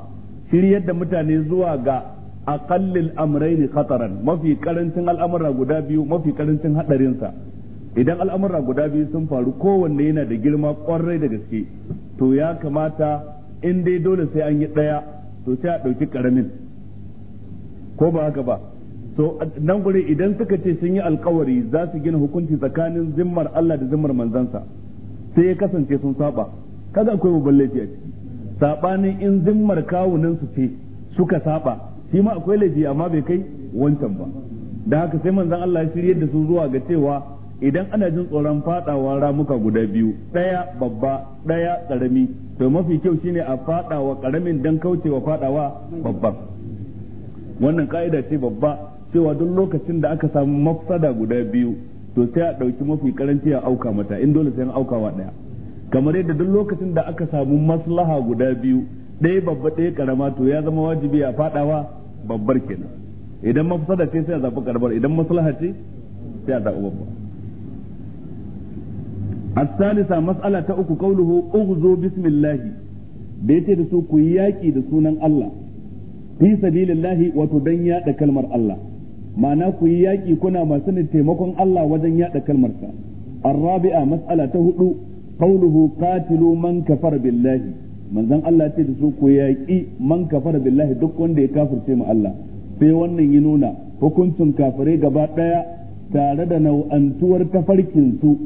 shiryar da mutane zuwa ga aqallil amrayn khataran mafi karancin al'amura guda biyu mafi karancin hadarinsa idan al'amura guda biyu sun faru kowanne yana da girma kwarai da gaske to ya kamata in dai dole sai an yi ɗaya to sai a ɗauki ƙaramin ko ba haka ba to nan gure idan suka ce sun yi alkawari za su gina hukunci tsakanin zimmar Allah da zimmar manzansa sai ya kasance sun saba kaga akwai babban laifi a sabanin in zimmar kawunan su ce suka saba shi ma akwai laifi amma bai kai wancan ba da haka sai manzon Allah ya shiryar da su zuwa ga cewa idan ana jin tsoron fadawa ramuka guda biyu daya babba daya karami to mafi kyau shine a fadawa karamin dan kaucewa fadawa babban wannan ka'ida ce babba cewa duk lokacin da aka samu mafsada guda biyu to sai a dauki mafi karanci a auka mata in dole sai an aukawa daya kamar yadda duk lokacin da aka samu maslaha guda biyu ɗaya babba ɗaya karama to ya zama wajibi a fadawa babbar kenan idan mafsada ce sai a zaɓi karamar idan maslaha ce sai a zaɓi babba الثالثة مسألة تأكو قوله اغزوا بسم الله بيتي دسو كياكي دسونا الله في سبيل الله وتدنيا دكلمر الله ma'ana ku yi yaƙi kuna masu ne taimakon Allah wajen yaɗa kalmarsa. Arrabi'a mas'ala ta hudu qauluhu qatilu man kafara billahi manzon Allah ce da su ku yaƙi man kafara billahi duk wanda ya kafirce mu Allah sai wannan ya nuna hukuncin kafire gaba ɗaya tare da nau'antuwar tafarkin su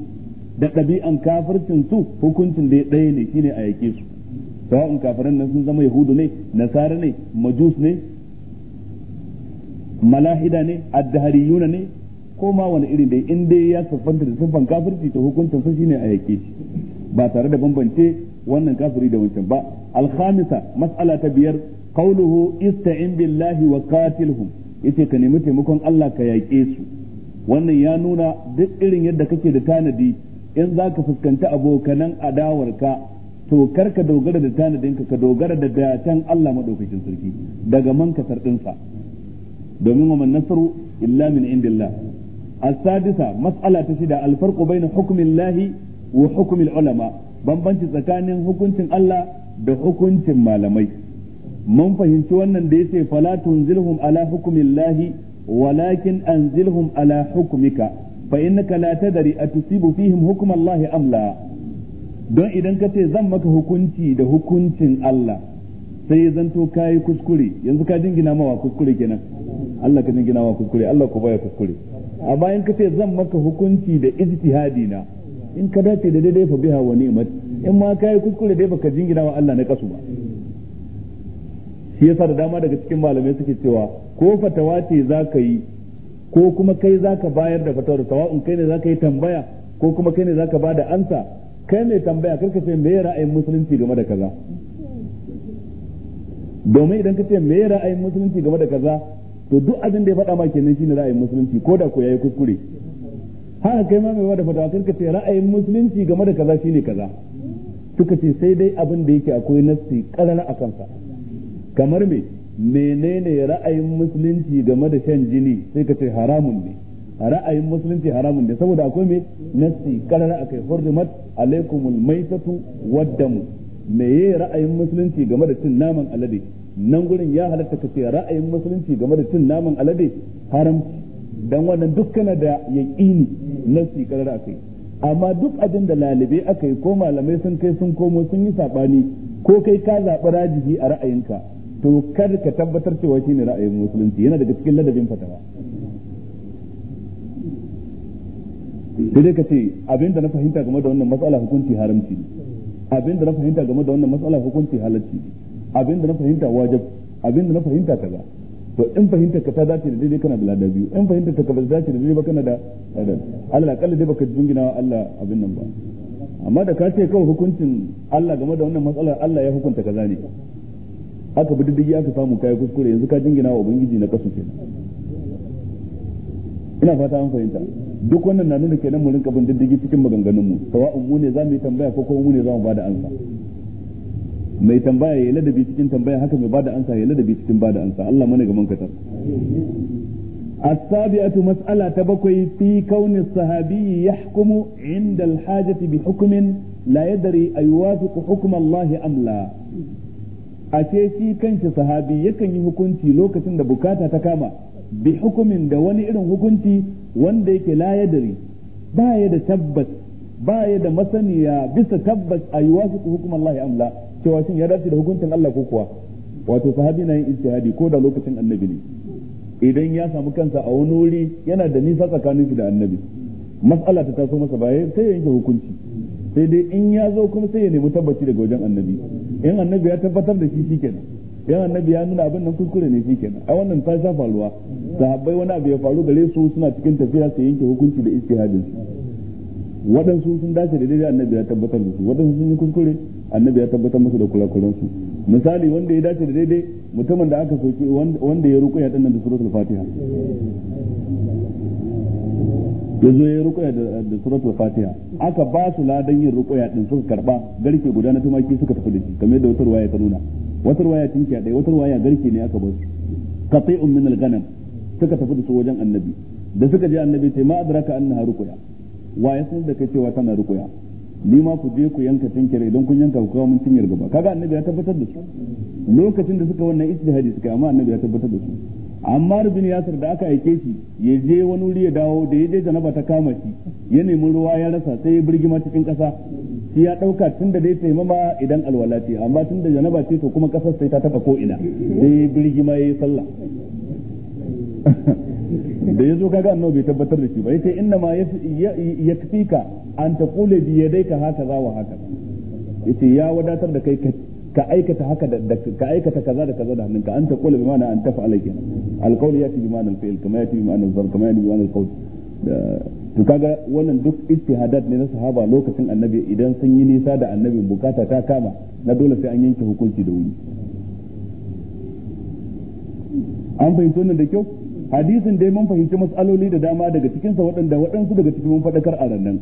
da ɗabi'an kafircin su hukuncin da ɗaya ne shine a yake su sawa'un kafirin nan sun zama yahudu ne nasara ne majus ne malahida ne addahariyuna ne ko ma wani irin dai in dai ya siffanta da siffan kafirci to hukuncin sa shine a yake shi ba tare da bambance wannan kafiri da wancan ba alhamisa mas'ala ta biyar qawluhu ista'in billahi wa qatilhum yace ka nemi taimakon Allah ka yaƙe su wannan ya nuna duk irin yadda kake da tanadi in za ka fuskanci abokanan adawarka to kar ka dogara da tanadinka ka dogara da datan Allah madaukakin sarki daga man kasar ɗinsa domin wa man nasaru illa min indillah as-sadisa mas'ala ta shida al-farqu bayna hukmillahi wa hukmi ulama bambanci tsakanin hukuncin Allah da hukuncin malamai mun fahimci wannan da yace fala tunzilhum ala hukmillahi walakin anzilhum ala hukmika fa innaka la tadri atusibu fihim hukm Allah am don idan ka ce zan maka hukunci da hukuncin Allah sai ya zanto kayi kuskure yanzu ka jingina mawa kuskure kenan Allah ka jingina mawa kuskure Allah ku baya kuskure amma in ka ce zan maka hukunci da ijtihadi na in ka dace da daidai fa biha wa ni'mat in ma kayi kuskure dai baka jingina wa Allah na kasu ba shi yasa da dama daga cikin malamai suke cewa ko fatawa ce za ka yi ko kuma kai zaka bayar da fatawar tawa'un kai ne zaka yi tambaya ko kuma kai ne zaka ba da ansa kai ne tambaya karka ce me ra'ayin musulunci game da kaza domin idan ka ce me ra'ayin musulunci game da kaza to duk abin da ya faɗa ma kenan shine ra'ayin musulunci ko da ko yayi kuskure haka kai ma mai ba da fatawa karka ce ra'ayin musulunci game da kaza shine kaza suka ce sai dai abin da yake akwai nassi karara a kansa kamar me menene ra'ayin musulunci game da shan jini sai ka ce haramun ne ra'ayin musulunci haramun ne saboda akwai me a karara akai hurrimat alaikumul maitatu waddamu meye ra'ayin musulunci game da cin naman alade nan gurin ya halatta ka ce ra'ayin musulunci game da cin naman alade haram dan wannan duk da yaqini nassi karara akai amma duk abin da lalibe aka yi ko malamai sun kai sun komo sun yi sabani ko kai ka zaɓi rajihi a ra'ayinka to kar ka tabbatar cewa ne ra'ayin musulunci yana daga cikin ladabin fatawa sai dai ka ce abinda na fahimta game da wannan matsala hukunci haramci abinda na fahimta game da wannan matsala hukunci halarci abinda na fahimta wajib abinda na fahimta kaza to in fahimta ka ta dace da daidai kana da lada biyu in fahimta ka ba dace da daidai ba kana da lada Allah akalla dai baka jingina wa Allah abin nan ba amma da ka ce kawai hukuncin Allah game da wannan matsalar Allah ya hukunta kaza ne aka bi diddigi aka samu kai kuskure yanzu ka jingina wa ubangiji na kasu kenan ina fata an fahimta duk wannan na nuna kenan mu rinka bin diddigi cikin maganganun mu sawa'un mu ne zamu yi tambaya ko kuma mu ne zamu bada ansa mai tambaya ya ladabi cikin tambaya haka mai bada ansa ya ladabi cikin bada ansa Allah mana gaman katar bakwai مسألة تبقي في كون الصحابي يحكم عند الحاجة bi لا يدري أيوافق حكم الله أم amla. a ce shi kanshi sahabi yakan yi hukunci lokacin da bukata ta kama bi hukumin da wani irin hukunci wanda yake la yadari ba ya da tabbas ba ya da masaniya bisa tabbas a yi wasu hukum Allah amla cewa shin ya dace da hukuncin Allah ko kuwa wato sahabi na yin ijtihadi ko da lokacin annabi ne idan ya samu kansa a wani wuri yana da nisa tsakanin shi da annabi mas'ala ta taso masa baya sai ya yanke hukunci sai dai in ya zo kuma sai ya nemi tabbaci daga wajen annabi in annabi ya tabbatar da shi shikenan yan annabi ya nuna abin nan kuskure ne shikenan a wannan ta sha faruwa sahabbai wani abu ya faru gare su suna cikin tafiya su yanke hukunci da istihadin su waɗansu sun dace da daidai annabi ya tabbatar da su waɗansu sun yi kuskure annabi ya tabbatar musu da kulakulan su misali wanda ya dace da daidai mutumin da aka soki wanda ya rukuya dinnan da suratul fatiha ya zo ya rukuya da suratul fatiha aka ba su ladan yin rukuya din suka karba garke guda na tumaki suka tafi da shi kamar yadda wata ruwaya ta nuna wata ruwaya tinkiya ɗaya wata ruwaya garke ne aka ba su qati'un min al-ghanam suka tafi da su wajen annabi da suka je annabi sai ma adraka annaha rukuya wa ya san da kai cewa tana rukuya ni ma ku je ku yanka tinkire idan kun yanka ku kawo mun tinyar gaba kaga annabi ya tabbatar da su lokacin da suka wannan ijtihadi suka amma annabi ya tabbatar da su Ammar bin Yasir da aka aike shi ya je wani wuri ya dawo da ya je janaba ta kama shi ya nemi ruwa ya rasa sai ya birgima cikin ƙasa shi ya ɗauka tun da dai taimama idan alwala ce amma tun da janaba ce to kuma kasar sai ta taba ko ina sai ya birgima ya yi sallah (laughs) da ya zo kaga annabi bai tabbatar da shi ba yace inna ma ya ka an ya bi haka za wa haka yace ya wadatar da kai ka aikata haka da ka aikata kaza da kaza da hannunka an taqulu bi ma'ana an taf'ala kenan alqawl yati bi ma'ana alfi'l kama yati bi ma'ana al kama yati bi ma'ana alqawl to kaga wannan duk ijtihadat ne na sahaba lokacin annabi idan sun yi nisa da annabin bukata ta kama na dole sai an yanke hukunci da wuri an fahimci wannan da kyau hadisin dai mun fahimci matsaloli da dama daga cikinsa waɗanda waɗansu daga cikin mun faɗakar a nan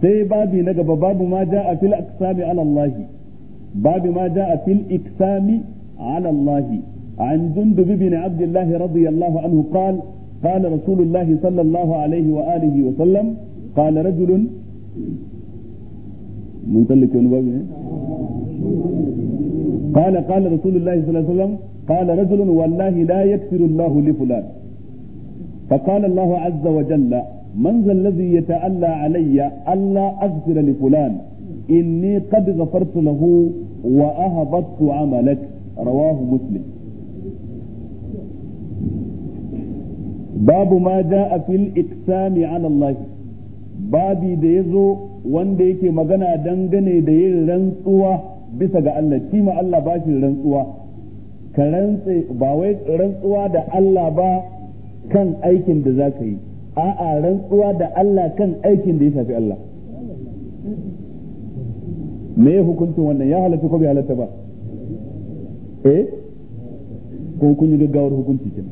sai babi na gaba babu ma ja'a fil aqsami ala Allah باب ما جاء في الإكسام على الله عن جندب بن عبد الله رضي الله عنه قال قال رسول الله صلى الله عليه وآله وسلم قال رجل من قال قال رسول الله صلى الله عليه وسلم قال رجل والله لا يكفر الله لفلان فقال الله عز وجل من ذا الذي يتألى علي ألا أغفر لفلان inni qad ghafartu lahu wa ahabattu amalak rawahu muslim babu ma jaa fil iqsami ala Allah babi da yazo wanda yake magana dangane da yin rantsuwa bisa ga Allah kima Allah ba shi rantsuwa ka rantsi ba wai rantsuwa da Allah ba kan aikin da zaka yi a'a rantsuwa da Allah kan aikin da ya tafi Allah me hukuncin wannan ya halatta ko bai halatta ba eh ko kun yi gaggawar hukunci kin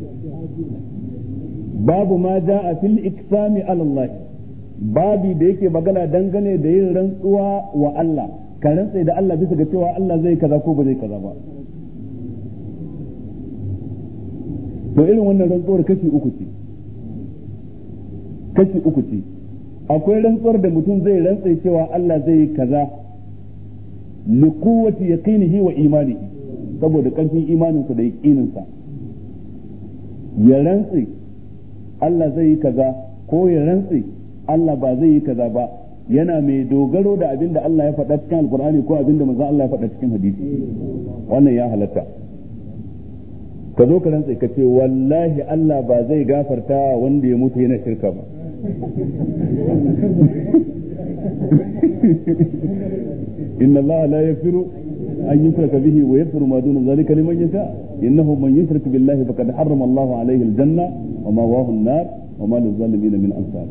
babu ma a fil iksami ala Allah babi da yake magana dangane da yin rantsuwa wa Allah ka rantsa da Allah bisa ga cewa Allah zai kaza ko ba zai kaza ba to irin wannan rantsuwar kashi uku ce kashi uku ce akwai rantsuwar da mutum zai rantsa cewa Allah zai kaza li quwwati yaqinihi wa imanihi saboda ƙarfin imaninsa da yaqininsa ya rantsi Allah zai yi kaza ko ya rantsi Allah ba zai yi kaza ba yana mai dogaro da abinda Allah ya faɗa cikin alkur'ani ko abinda manzon Allah ya faɗa cikin hadisi wannan ya halatta ka zo ka rantsi ka ce wallahi Allah ba zai gafarta wanda ya mutu yana shirka ba (laughs) inna allaha la yaghfiru an yushraka bihi wa yaghfiru ma duna zalika liman yasha innahu man yushrik billahi faqad harrama allahu alayhi aljanna wa mawahu an-nar wa ma lizalimin min ansar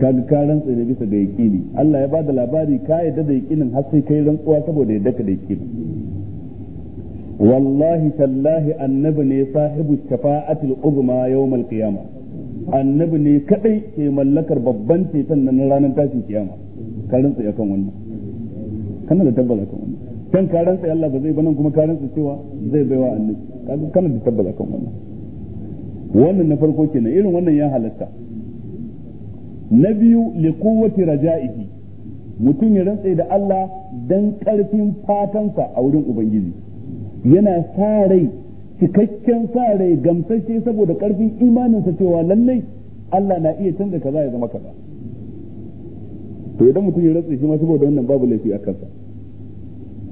ka ga ka rantsa ne bisa da yaqini Allah ya bada labari ka yadda da yaqinin har sai kai rantsuwa saboda ya ka da yaqini wallahi tallahi annabi ne sahibu shafa'ati al-uzma yawm al-qiyama annabi ne kadai ke mallakar babban ceton na ranar tashin kiyama ka rantsa kan wannan kana da tabbata kan wannan kan ka rantsa Allah ba zai ba nan kuma ka cewa zai baiwa annabi kaga kana da tabbata kan wannan wannan na farko kenan irin wannan ya halatta na biyu li quwwati raja'ihi mutum ya rantsa da Allah dan karfin fatansa a wurin ubangiji yana sa rai cikakken sa rai gamsashe saboda karfin imaninsa cewa lallai Allah na iya canza kaza ya zama kaza to idan mutum ya rantsa shi ma saboda wannan babu laifi a kansa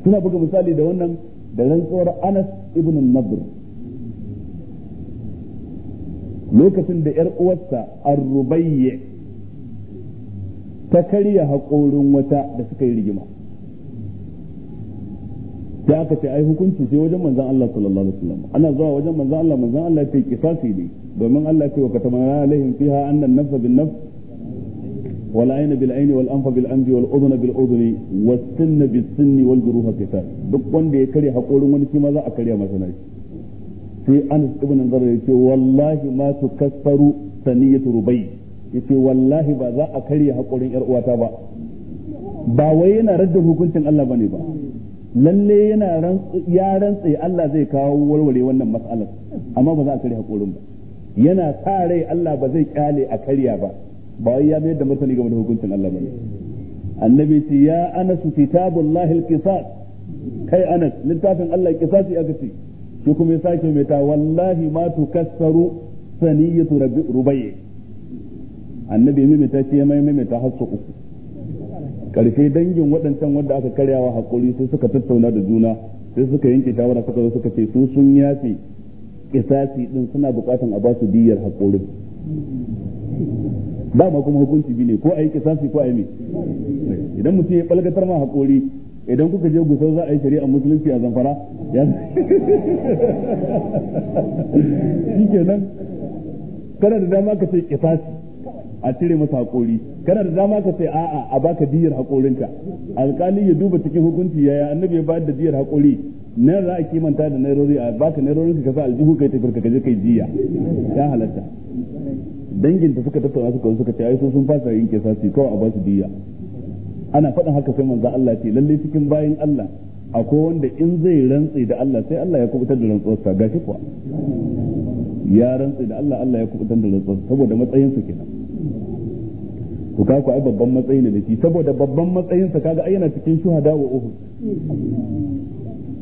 suna buga misali da wannan da rantsuwar Anas ibn Nadr lokacin da yar uwarsa Ar-Rubayyi ta karya haƙorin wata da suka yi rigima sai aka ce ai hukunci sai wajen manzon Allah sallallahu alaihi wasallam ana zuwa wajen manzon Allah manzon Allah ya ce kisasi ne domin Allah ya ce wa katama alaihim fiha annan nafsa bin nafs والعين بالعين والأنف بالأنف والأذن بالأذن والسن بالسن والجروح قتال duk wanda ya kare hakorin wani shi za a karya masa nashi sai Anas ibn Zar ya ce wallahi ma tukassaru saniyatu rubai yace wallahi ba za a karya hakorin yar uwata ba ba wai yana radda hukuncin Allah bane ba lalle yana ya rantsa Allah zai kawo warware wannan mas'alar amma ba za a karya haƙorin ba yana sa rai Allah ba zai kyale a karya ba ba ya mayar da masani game da hukuncin Allah bane annabi ce ya anasu kitabullahi alqisas kai anas littafin Allah kisasi aka ce shi kuma ya sake mai ta wallahi ma tukassaru saniyatu rubayy annabi mai ta ce mai mai ta hasu uku karshe dangin waɗancan wanda aka karyawa hakuri sai suka tattauna da juna sai suka yanke shawara suka zo suka ce su sun yafe kisasi din suna bukatan a ba su diyar hakuri ma kuma hukunci bi ne ko a yi kisasi ko a yi idan mutum ya balgatar ma haƙori idan kuka je gusau za a yi shari'a musulunci a zamfara ya (laughs) shi nan kana da dama ka ce kisasi a cire masa haƙori kana da dama ka ce a'a a baka diyar haƙorinka alƙali ya duba cikin hukunci yaya annabi ya bayar da diyar haƙori na za a kimanta da nairori a baka nairorin ka sa aljihu kai tafiyar ka je kai jiya ya halatta danginta suka tattauna suka suka ce ai so sun fasa yin kisasi kawai a ba su diya ana faɗin haka sai manzo Allah ce lalle cikin bayin Allah akwai wanda in zai rantsi da Allah sai Allah ya kubutar da rantsuwarsa gashi kuwa ya rantsi da Allah Allah ya kubutar da rantsuwarsa saboda matsayin su kenan to ka ku ai babban matsayi ne da shi saboda babban matsayin sa kaga ai yana cikin shuhada wa uhud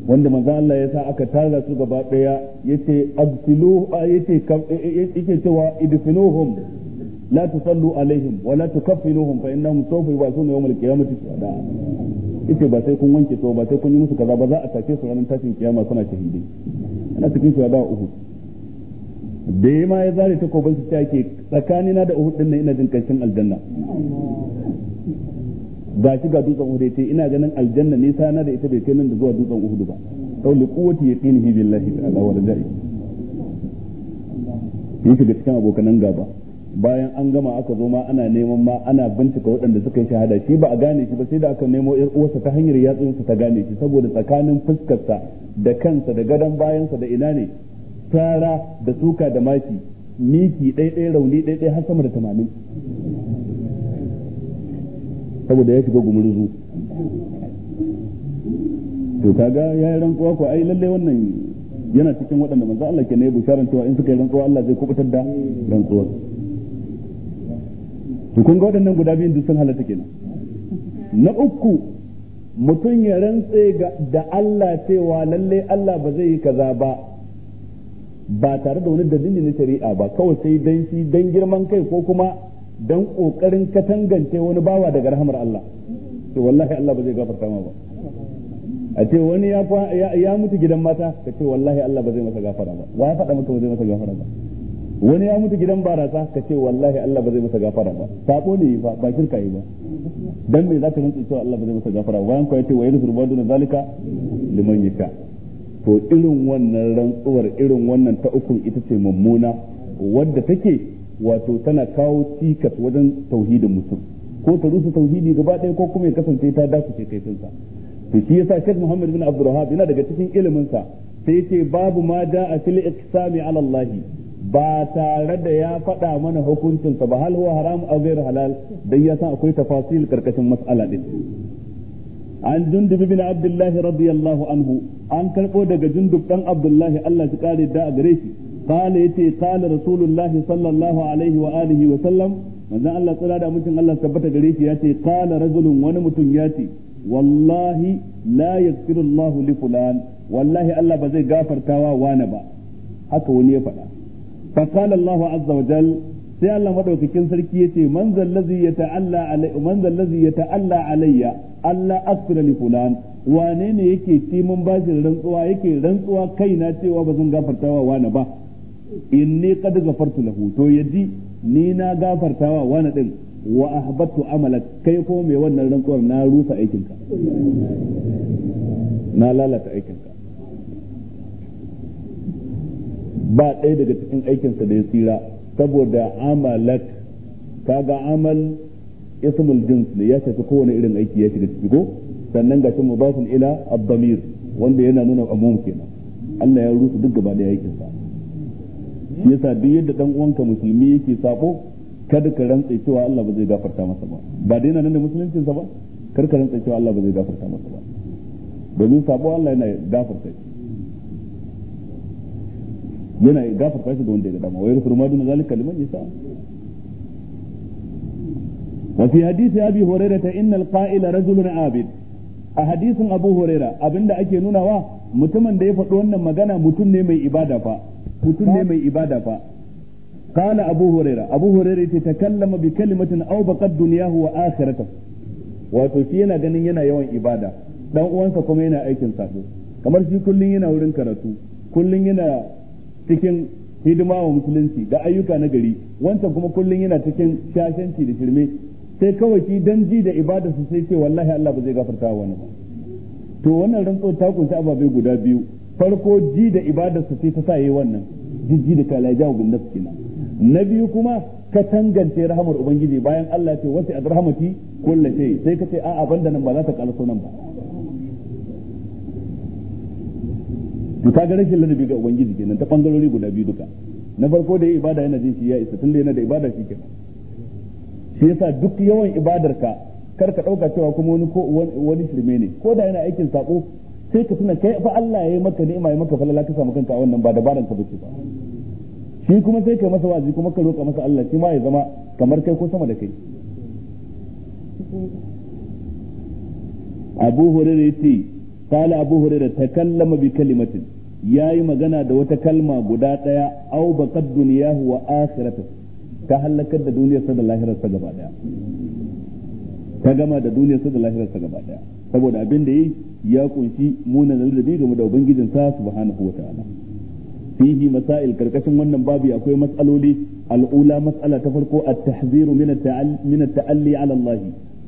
wanda manzo Allah ya sa aka tara su gaba daya yace absilu yace yake cewa idfinuhum la tusallu alaihim wa la tukaffinuhum fa innahum sawfa yubasuna yawm al-qiyamati shuhada yace ba sai kun wanke so ba sai kun yi musu kaza ba za a tace su ranar tashin kiyama suna shahidi ana cikin da uku da ma ya zare takobin su take tsakanina da uhud din ina jin kancin aljanna shi ga dutsen uhud yace ina ganin aljanna ne sana da ita bai kai nan da zuwa dutsen uhud ba aw li quwwati yaqinihi billahi ta'ala wa rajai yake da cikin nan gaba bayan an gama aka zo ma ana neman ma ana bincika waɗanda suka yi shahada shi ba a gane shi ba sai da aka nemo yar uwarsa ta hanyar yatsunsa ta gane shi saboda tsakanin fuskarsa da kansa da gadon bayansa da ina ne tsara da suka da maki miki ɗaiɗai rauni ɗaiɗai har sama da tamanin saboda ya shiga gumurzu to kaga ya yi rantsuwa ko ai lalle wannan yana cikin waɗanda manzo Allah ke ne bisharan cewa in suka yi rantsuwa Allah zai kubutar da rantsuwar to kun ga waɗannan guda biyun duk sun halatta kenan na uku mutum ya rantse da Allah cewa lalle Allah ba zai yi kaza ba ba tare da wani dalili na shari'a ba kawai sai dan shi dan girman kai ko kuma don ƙoƙarin katangance wani bawa daga rahamar Allah to wallahi Allah ba zai gafarta ma ba a ce wani ya ya mutu gidan mata ka ce wallahi Allah ba zai masa gafara ba wa ya faɗa maka ba zai masa gafara ba wani ya mutu gidan barasa ka ce wallahi Allah ba zai masa gafara ba sabo ne ba ba shirka yi ba dan me zaka rantsa cewa Allah ba zai masa gafara bayan ko ce wa yadhuru badu na zalika liman yasha to irin wannan rantsuwar irin wannan ta ukun ita ce mummuna wadda take wato tana kawo cikas wajen tauhidin mutum ko ta rusa tauhidi gaba ɗaya ko kuma ya kasance ta kai kaifinsa to shi yasa Sheikh Muhammad bin Abdul Wahhab yana daga cikin ilimin sa sai yace babu ma a fil iqsami ala Allah ba tare da ya faɗa mana hukuncin sa ba hal huwa haram aw ghairu halal dan yasa akwai tafasil karkashin mas'ala din an jundub bin Abdullah radiyallahu anhu an karbo daga jundub dan Abdullah Allah ya kare da gare shi qala yace qala rasulullahi sallallahu alaihi wa alihi wa sallam manzon Allah tsira da mutun Allah tabbata gare shi yace qala rajulun wani mutum yace wallahi la yaghfiru Allah li fulan wallahi Allah ba zai gafartawa wani ba haka wani ya faɗa azza wa jal sai Allah madaukakin sarki yace man zal ladzi yata'alla alayya man zal ladzi yata'alla alayya Allah aghfira li fulan wane ne yake timin bashin rantsuwa yake rantsuwa kaina cewa ba zan wa wani ba inni qad gafartu lahu to yaddi ni na gafartawa wani din wa ahbattu amalak kai ko mai wannan rantsuwar na rusa aikinka na lalata aikinka ba ɗaya daga cikin aikinsa da ya tsira saboda amalak kaga amal ismul jins ne ya shafi kowane irin aiki ya shiga ciki ko sannan ga mudafun ila ad wanda yana nuna umum kenan Allah ya rusa duk gaba aikin aikinsa yasa duk yadda dan uwanka musulmi yake sako kada ka rantsa cewa Allah ba zai gafarta masa ba ba dai nan da musulunci sa ba kar ka rantsa cewa Allah ba zai gafarta masa ba domin sako Allah yana gafarta shi yana gafarta shi ga wanda ya ga dama wai yaghfiru ma duna zalika liman fi hadisi abi hurairah ta innal qa'ila rajulun abid a hadisin abu hurairah abinda ake nunawa mutumin da ya faɗi wannan magana mutum ne mai ibada fa mutum ne mai ibada fa kana abu huraira abu huraira yace takallama bi kalimatin aw baqad dunyahu wa akhiratahu wato shi yana ganin yana yawan ibada dan uwansa kuma yana aikin sabo kamar shi kullun yana wurin karatu kullun yana cikin hidima wa musulunci da ayyuka na gari wancan kuma kullun yana cikin shashanci da shirme sai kawai shi dan ji da ibada su sai ce wallahi Allah ba zai gafarta wa wani ba to wannan rantso ta kunshi ababe guda biyu farko ji da ibadarsa sai ta sa yayi wannan jijji da kalaja wa bin nafsi na na biyu kuma ka tangance rahamar ubangiji bayan Allah ce wasi ad rahmati kullu shay sai ka ce a'a banda nan ba za ta kalso nan ba to ga rashin ladabi ga ubangiji kenan ta bangarori guda biyu duka na farko da ibada yana jin shi ya isa tunda yana da ibada shi kenan shi yasa duk yawan ibadarka kar ka dauka cewa kuma wani ko wani shirme ne ko da yana aikin sako sai ka tuna kai fa Allah ya yi maka ni'ima ya maka falala ka samu kanka a wannan ba dabaran ka bace ba shi kuma sai kai masa wazi kuma ka roƙa masa Allah shi ma ya zama kamar kai ko sama da kai Abu Hurairah yace qala Abu Hurairah takallama bi kalimatin yayi magana da wata kalma guda daya au baqad dunyahu wa akhiratuh ta halakar da duniyarsa da lahirarsa gaba daya ka gama da duniyar sa da lahirar sa gaba daya saboda abin da yi ya kunshi muna ladabi game da ubangijin sa subhanahu wa ta'ala fihi masail karkashin wannan babu akwai matsaloli al'ula mas'ala ta farko at-tahziru min at-ta'alli 'ala Allah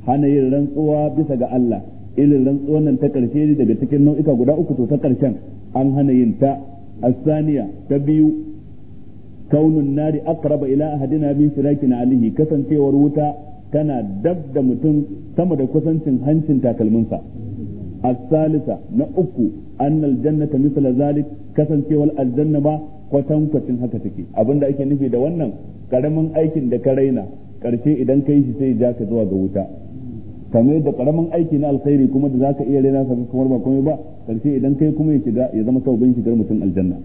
hana yin rantsuwa bisa ga Allah irin rantsuwan nan ta karshe daga cikin nau'ika guda uku to ta karshen an hana yin ta asaniya ta biyu. النار أقرب akraba أحدنا من شراكنا عليه alihi kasancewar wuta. kana dab da mutum sama da kusancin hancin takalminsa asalisa na uku an aljanna jannata misal zali kasancewar aljanna ba kwatankwacin haka take da ake nufi da wannan karamin aikin da ka raina karshe idan ka yi shi sai ja ka zuwa ga wuta kamar da karamin aiki na alkhairi kuma da zaka iya raina sa kuma ba komai ba karshe idan kai kuma ya shiga ya zama kawo bin shigar mutum aljanna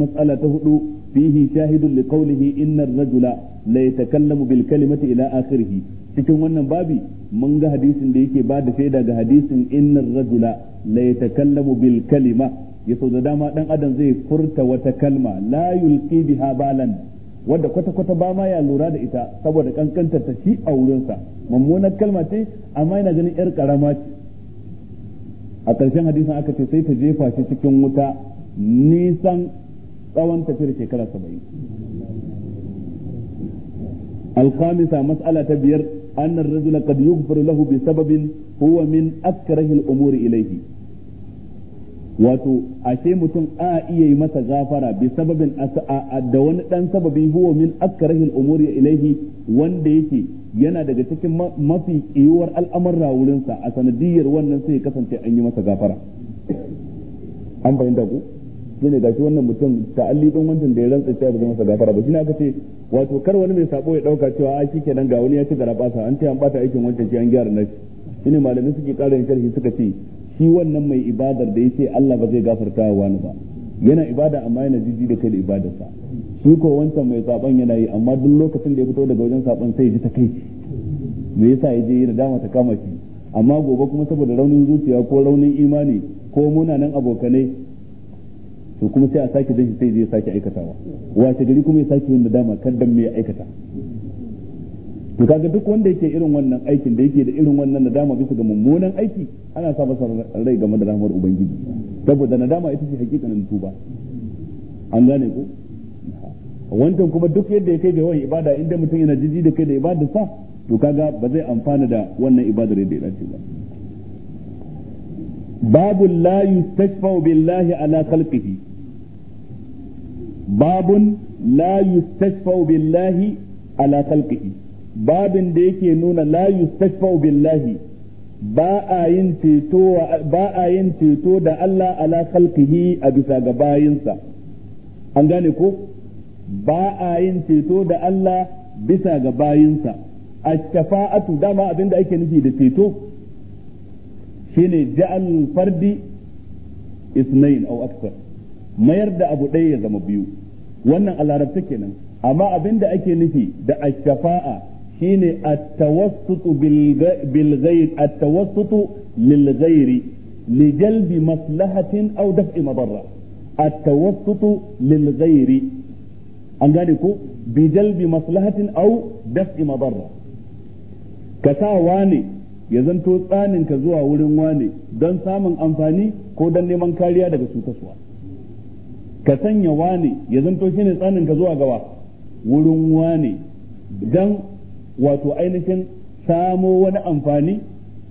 matsala ta hudu fihi shahidun li qawlihi innar rajula la yatakallamu ila akhirih cikin wannan babi mun ga hadisin da yake ba da shaida ga hadisin inna rajula la yatakallamu bil kalima da dama dan adam zai furta wata kalma la yulqi biha balan wadda kwata-kwata ba ma ya lura da ita saboda kankantar ta shi a wurinsa mummunar kalma ce amma yana ganin yar karama ce a ƙarshen hadisin aka ce sai ta jefa shi cikin wuta nisan tsawon tafiyar shekara saba'in alkhamisa mas'ala ta biyar أن الرجل قد lahu bi sababin huwa min أكره umuri إليه wato ashe mutum a iya yi masa gafara bi sababin da wani dan sababi huwa min akrahil umuri ilaihi wanda yake yana daga cikin mafi kiyuwar al'amarra wurinsa a sanadiyar wannan sai kasance an yi masa gafara an bayyana ku shine shi wannan mutum ta'alli din wancan da ya rantsa cewa zama masa gafara ba shine aka ce wato kar wani mai sabo ya dauka cewa a shikenan ga wani ya ci gara basa an ce an bata aikin wancan shi an gyara shi shine malamai suke karin sharhi suka ce shi wannan mai ibadar da yace Allah ba zai gafarta wa wani ba yana ibada amma yana jiji da kai da sa shi ko wancan mai saban yana yi amma duk lokacin da ya fito daga wajen saban sai ya ji takaici me yasa ya je da dama ta kama shi amma gobe kuma saboda raunin zuciya ko raunin imani ko munanan abokanai to kuma sai a sake dashi sai zai sake aikatawa wace gari kuma ya sake yin nadama kan dan mai ya aikata to kaga duk wanda yake irin wannan aikin da yake da irin wannan nadama bisa ga mummunan aiki ana sa masa rai game da rahmar ubangiji saboda nadama ita ce hakikanin tuba an gane ko wancan kuma duk yadda ya kai ga yawan ibada inda mutum yana jiji da kai da ibada sa to kaga ba zai amfana da wannan ibadar yadda ya dace ba babu la yustashfa billahi ala khalqihi babun la yustashfa billahi ala khalqihi babin da yake nuna la yustashfa billahi ba ceto ba a yin ceto da Allah ala khalqihi a bisa ga bayansa an ko ba a yin ceto da Allah bisa ga bayinsa a shafa'atu dama abinda ake nufi da ceto shine ja'al fardi isnain aw akthar mayar da abu ɗaya ya zama biyu wannan a larabta kenan amma abin da ake nufi da ashafa'a shine at-tawassutu bil ghayr at-tawassutu lil li jalbi maslahatin aw daf'i madarra at-tawassutu lil ghayri an gane ko bi jalbi maslahatin aw daf'i madarra ka sa wane ya zanto tsanin ka zuwa wurin wane don samun amfani ko don neman kariya daga cutarwa ka sanya wane ya zanto ne tsanin ka zuwa gawa wurin wane don wato ainihin samo wani amfani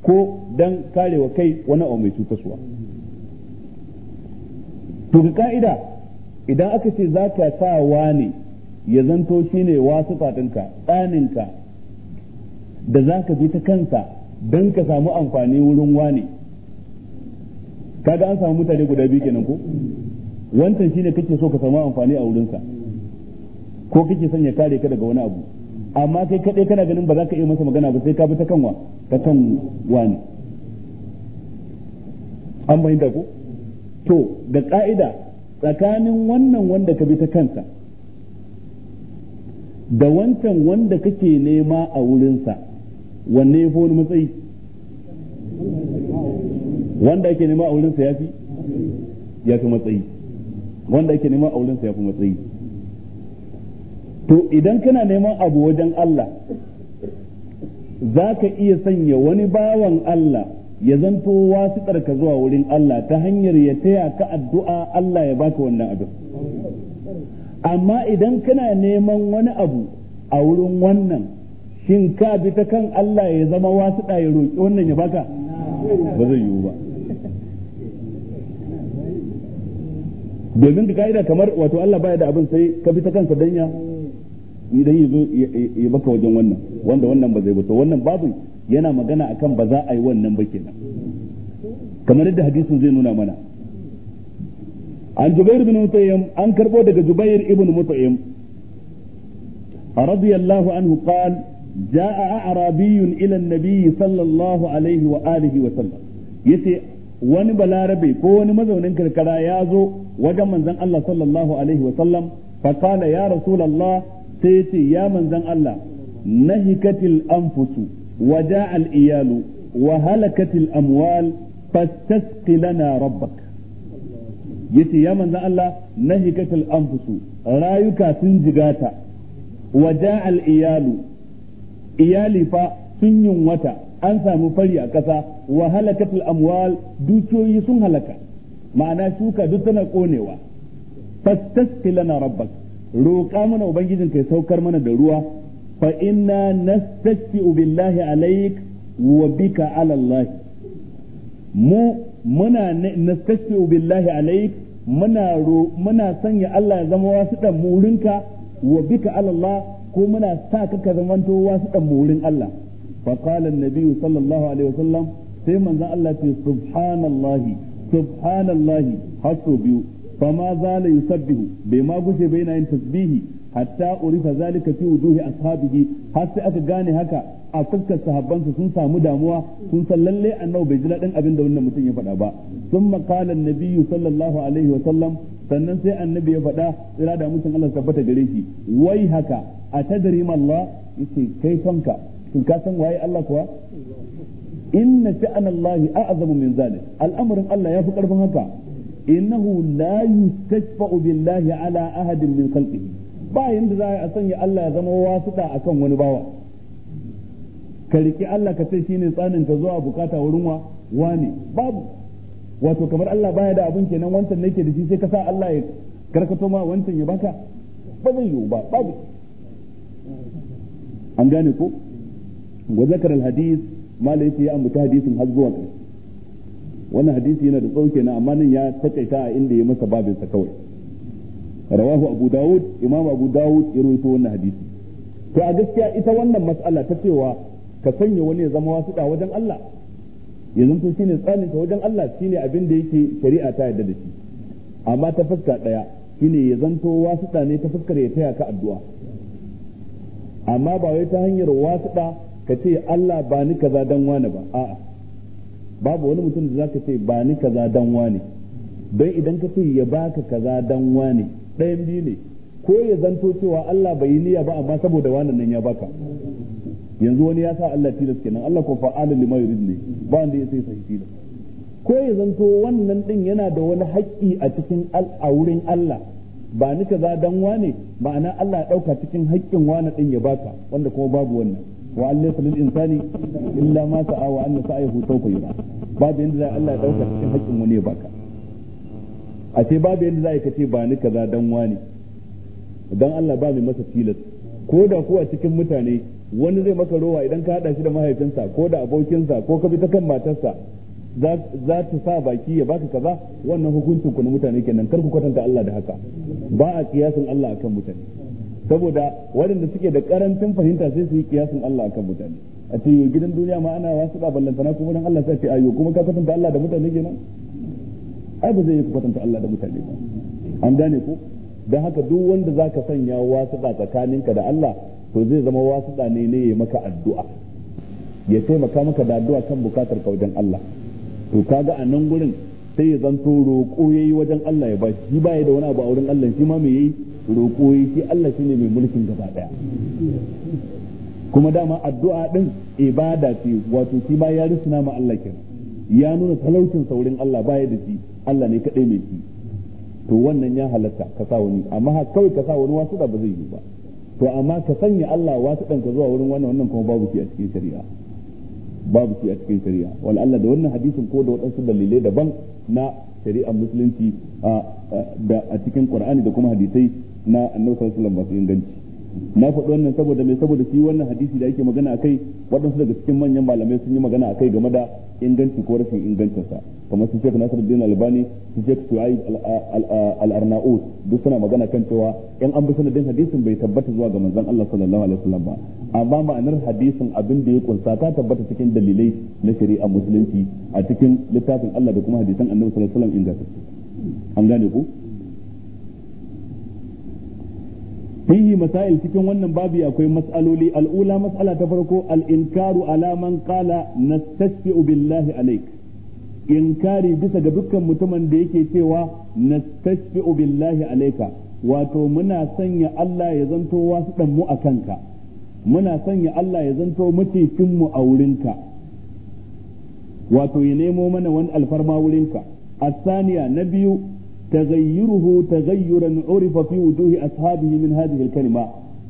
ko don karewa kai wani abu mai cutarwa to ga ka'ida idan aka ce za ka sa wane ya zanto shi ne wasu fatinka tsaninka da za ka bi ta kansa don ka samu amfani wurin wane ga an samu mutane guda biyu kenan ko wancan shine kake so ka samu amfani a wurinsa ko kake son ya kare ka daga wani abu amma kai kadai kana ganin ba za ka iya masa magana ba sai ka bi ta kanwa ta kan wani an bayyana ko to da ka'ida tsakanin wannan wanda ka bi ta kansa da wancan wanda kake nema a wurinsa wanne ya fi wani matsayi wanda ake nema a wurinsa ya fi ya fi matsayi wanda ake neman auren sa fi matsayi to idan kana neman abu wajen Allah za ka iya sanya wani bawan Allah ya zanto wasiƙar ka zuwa wurin Allah ta hanyar ya taya ka addu'a Allah ya baka wannan abu. amma idan kana neman wani abu a wurin wannan shin ka bi ta kan Allah ya zama wasiƙa ya roƙi wannan ya baka ba zai yiwu ba domin ga ka'ida kamar wato Allah baya da abin sai ka bi ta kansa danya idan ya zo ya baka wajen wannan wanda wannan ba zai ba to wannan babu yana magana akan ba za a yi wannan ba kenan kamar yadda hadisin zai nuna mana an Jubair bin Mutayyim an karbo daga Jubair ibn Mutayyim radiyallahu anhu qala ila أعرابي إلى sallallahu alaihi wa alihi wa sallam yace wani balarabe ko wani mazaunin karkara ya zo wajen manzon Allah sallallahu alaihi wa sallam fa qala ya rasulullah sai ce ya manzon Allah nahikatil anfusu wa da'al iyalu wa halakatil amwal fastasqi lana rabbak yace ya manzon Allah nahikatil anfusu rayuka sun jigata wa da'al iyalu iyali fa sun yunwata an samu fari a ƙasa wa halakatul amwal dukiyoyi sun halaka ma'ana shuka duk tana konewa fastaski lana rabbak roƙa mana ubangijin kai saukar mana da ruwa fa inna nastasi'u billahi alaik wa bika ala Allah mu muna nastasi'u billahi alaik muna muna sanya Allah ya zama wasu dan murinka wa bika ala Allah ko muna saka ka ka zamanto wasu dan murin Allah fa qala an sallallahu alaihi wasallam sai manzon Allah ce subhanallahi subhanallahi har sau biyu fa ma zala yusabbihu bai ma gushe bai na yin tasbihi hatta urifa zalika fi wujuhi ashabihi har sai aka gane haka a fuskar sahabbansa sun samu damuwa sun san lallai annabi bai ji daɗin abinda da wannan mutum ya faɗa ba sun makalan nabiyyu sallallahu alaihi wa sallam sannan sai annabi ya faɗa tsira da mutum Allah tabbata gare wai haka a tadrim Allah yace kai kanka in ka san waye Allah kuwa inna sha'an Allah a'zamu min zalik al'amarin Allah yafi karfin haka innahu la yustashfa'u billahi ala ahadin min khalqihi ba yanda za a sanya Allah ya zama wasuɗa akan wani bawa ka riki Allah ka sai shine tsanin ka zuwa bukata wurin wa wane babu wato kamar Allah baya da abin kenan wancan nake da shi sai ka sa Allah ya karkato ma wancan ya baka ba zai yiwu ba babu an gane ko wa zakar al-hadith malai har zuwa wannan hadisi yana da tsauke na amma nan ya takaita a inda ya masa babin kawai rawahu abu da'ud imam abu da'ud ya wannan hadisi to a gaskiya ita wannan mas'ala ta cewa ka sanya wani ya zama wasuɗa wajen Allah ya zanto shine tsarin ka wajen Allah shine abin da yake shari'a ta yarda da shi amma ta fuska daya shine ya zanto wasuɗa ne ta fuskar ya taya ka addu'a amma ba wai ta hanyar wasuɗa ka ce Allah ba ni kaza dan wane ba a'a babu wani mutum da zaka ce ba ni kaza dan wane don idan ka ce ya baka kaza dan wane ɗayan biyu ne ko ya zanto cewa Allah bai yi niyya ba amma saboda wannan nan ya baka yanzu wani ya sa Allah tilas kenan Allah ko fa'ala lima yurid ne ba wanda ya sai sai tilas ko ya zanto wannan din yana da wani haƙƙi a cikin al'aurin Allah ba ni kaza dan wane ma'ana Allah ya dauka cikin haƙƙin wane din ya baka wanda kuma babu wannan wa an laysa lil insani illa ma sa'a wa anna sa'ahu sawfa yura babu yanda za Allah ya dauka cikin haƙƙin wani baka a ce babu yanda za ka ba ni kaza dan wani dan Allah ba mai masa tilas ko da ko a cikin mutane wani zai maka rowa idan ka hada shi da mahaifinsa ko da abokinsa ko ka bi ta kan matarsa za ta sa baki ya baka kaza wannan hukuncin ku na mutane kenan kar ku kwatanta Allah da haka ba a kiyasin Allah akan mutane saboda waɗanda suke da karancin fahimta sai su yi kiyasin Allah akan mutane a ce yo gidan duniya ma ana wasu da ballantana kuma dan Allah sai ce ayo kuma ka kwatanta Allah da mutane kenan ai ba zai yi kwatanta Allah da mutane ba an gane ko dan haka duk wanda zaka sanya wasu da tsakaninka da Allah to zai zama wasu da ne ne ya maka addu'a ya taimaka maka da addu'a kan bukatar ka wajen Allah to kaga a nan gurin sai ya zanto roƙo yayi wajen Allah ya bashi shi ba ya da wani abu a wurin Allah shi ma me yayi roƙo ce Allah shine mai mulkin gaba daya kuma dama addu'a din ibada ce wato shi ma ya rusuna ma Allah ke ya nuna talaucin saurin Allah baya da shi Allah ne kadai mai shi to wannan ya halatta ka sa wani amma kawai ka sa wani wasu da ba zai yi ba to amma ka sanya Allah wasu dan ka zuwa wurin wannan wannan kuma babu shi a cikin shari'a babu shi a cikin shari'a wal Allah da wannan hadisin ko da waɗansu dalilai daban na shari'ar musulunci a cikin Qur'ani da kuma hadisai na annabi sallallahu alaihi wasallam masu inganci na faɗi wannan saboda mai saboda shi wannan hadisi da yake magana akai waɗansu daga cikin manyan malamai sun yi magana akai game da inganci ko rashin sa kamar su Sheikh Nasiruddin Albani su Sheikh Shu'aib Al-Arnaud duk suna magana kan cewa in an bi sanadin hadisin bai tabbata zuwa ga manzon Allah sallallahu alaihi wasallam ba amma ma'anar hadisin abin da ya kunsa ta tabbata cikin dalilai na shari'a musulunci a cikin littafin Allah da kuma hadisan Annabi sallallahu alaihi wasallam ingantacce an gane ku fihi masail cikin wannan babu akwai mas'aloli al'ula mas'ala ta farko al-inkaru ala man qala nastashfi'u billahi alayk inkari bisa ga dukkan mutumin da yake cewa nastashfi'u billahi alayka wato muna sanya Allah ya zanto wasu dan mu akanka muna sanya Allah ya zanto mutuncin mu a wurinka wato ya nemo mana wani alfarma wurinka asaniya na biyu تغيره تغيرا عرف في وجوه أصحابه من هذه الكلمة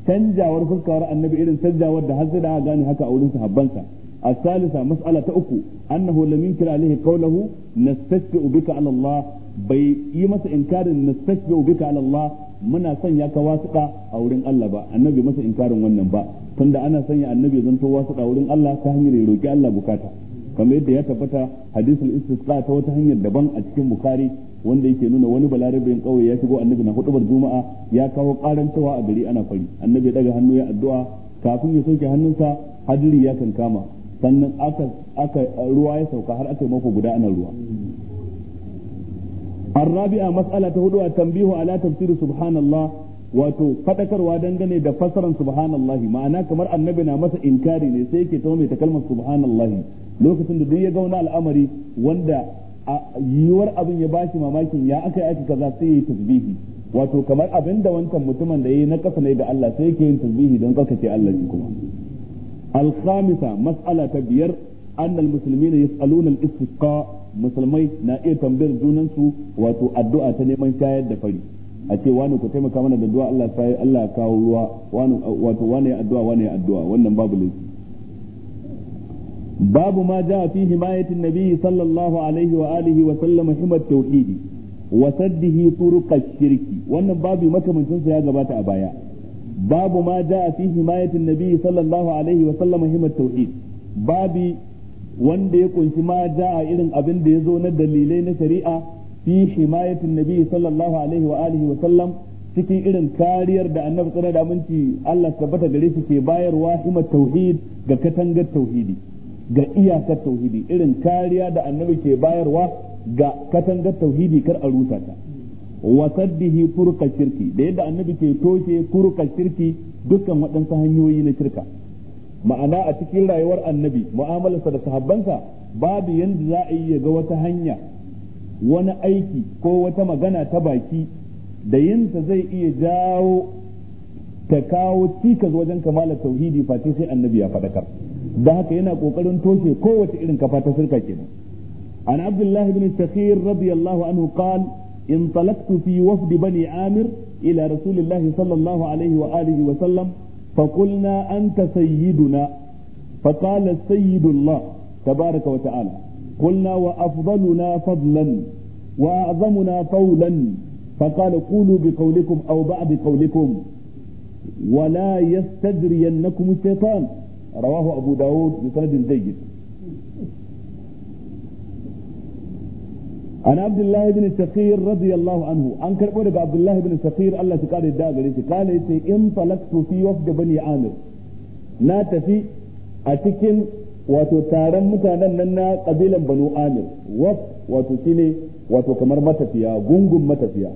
canjawar fuskawar annabi irin canjawar da har sai da gane haka a wurin sahabbansa الثالثة مسألة أكو أنه لم ينكر عليه قوله نستشفئ بك على الله bai yi masa inkarin nastashbi bika ala Allah muna sanya ka wasuka a wurin Allah ba annabi masa inkarin wannan ba tunda ana sanya annabi zanto wasuka wurin Allah ta hanyar ya roki Allah buƙata. kamar yadda ya tabbata hadisul istisqa ta wata hanyar daban a cikin bukhari wanda yake nuna wani balarabin kauye ya shigo annabi na hudubar juma'a ya kawo karantawa a gari ana fari annabi ya daga hannu ya addu'a kafin ya soke hannunsa hadiri ya kan kama sannan aka aka ruwa ya sauka har aka yi mako guda ana ruwa الرابعة مسألة هدوء التنبيه على تفسير سبحان subhanallah. wato fadakarwa dangane da fasaran subhanallahi ma'ana kamar annabi na masa inkari ne sai yake tawo mai ta kalmar subhanallahi lokacin da duk ya ga wani al'amari wanda yiwuwar abin ya bashi mamakin ya aka aka kaza sai yi tasbihi wato kamar abin da wancan mutumin da yayi na kasa ne da Allah sai yake yin tasbihi don tsarkake Allah shi kuma al-khamisa mas'ala ta biyar annal muslimina yas'aluna al-istisqa musulmai na iya tambayar junansu wato addu'a ta neman shayar da fari a ce wani ku taimaka mana da addu'a Allah sai Allah kawo ruwa wani wato wani ya addu'a wani ya addu'a wannan babu laifi babu ma jaa fi himayatin nabi sallallahu alaihi wa alihi wa sallam himat tauhidi wa saddihi turuqa shirki wannan babu makamancin sa ya gabata a baya babu ma jaa fi himayatin nabi sallallahu alaihi wa sallam himat tauhid babu wanda ya kunshi ma jaa irin abin da ya zo na dalilai na shari'a fi himayatin nabi sallallahu alaihi wa alihi wa sallam cikin irin kariyar da annabi tsara da aminci Allah tabbata gare shi ke bayarwa kuma tauhid ga katangar tauhidi ga iyakar tauhidi irin kariya da annabi ke bayarwa ga katangar tauhidi kar a rusa ta wa saddihi furqa shirki da yadda annabi ke toshe furqa shirki dukkan waɗansu hanyoyi na shirka ma'ana a cikin rayuwar annabi mu'amalarsa da sahabbansa babu yanda za a yi ga wata hanya wani aiki ko wata magana ta baki da yinsa zai iya jawo ta kawo cikas wajen kamalar tauhidi face sai annabi ya faɗakar da haka yana ƙoƙarin toshe kowace irin kafa ta shirka kenan an abdullah ibn sakhir radiyallahu anhu qal انطلقت في amir ila عامر sallallahu alaihi الله صلى الله عليه وآله وسلم فقلنا أنت سيدنا فقال السيد الله تبارك وتعالى قلنا وأفضلنا فضلا وأعظمنا قولا فقال قولوا بقولكم أو بعد قولكم ولا يستدرينكم الشيطان رواه أبو داود بسند جيد عن عبد الله بن الشقير رضي الله عنه عن كربون عبد الله بن الشقير الله تقال الداغر قال انطلقت في وفد بني عامر لا تفي أتكن wato taron mutanen nan na kabilan banu amir waf wato shine wato kamar matafiya gungun matafiya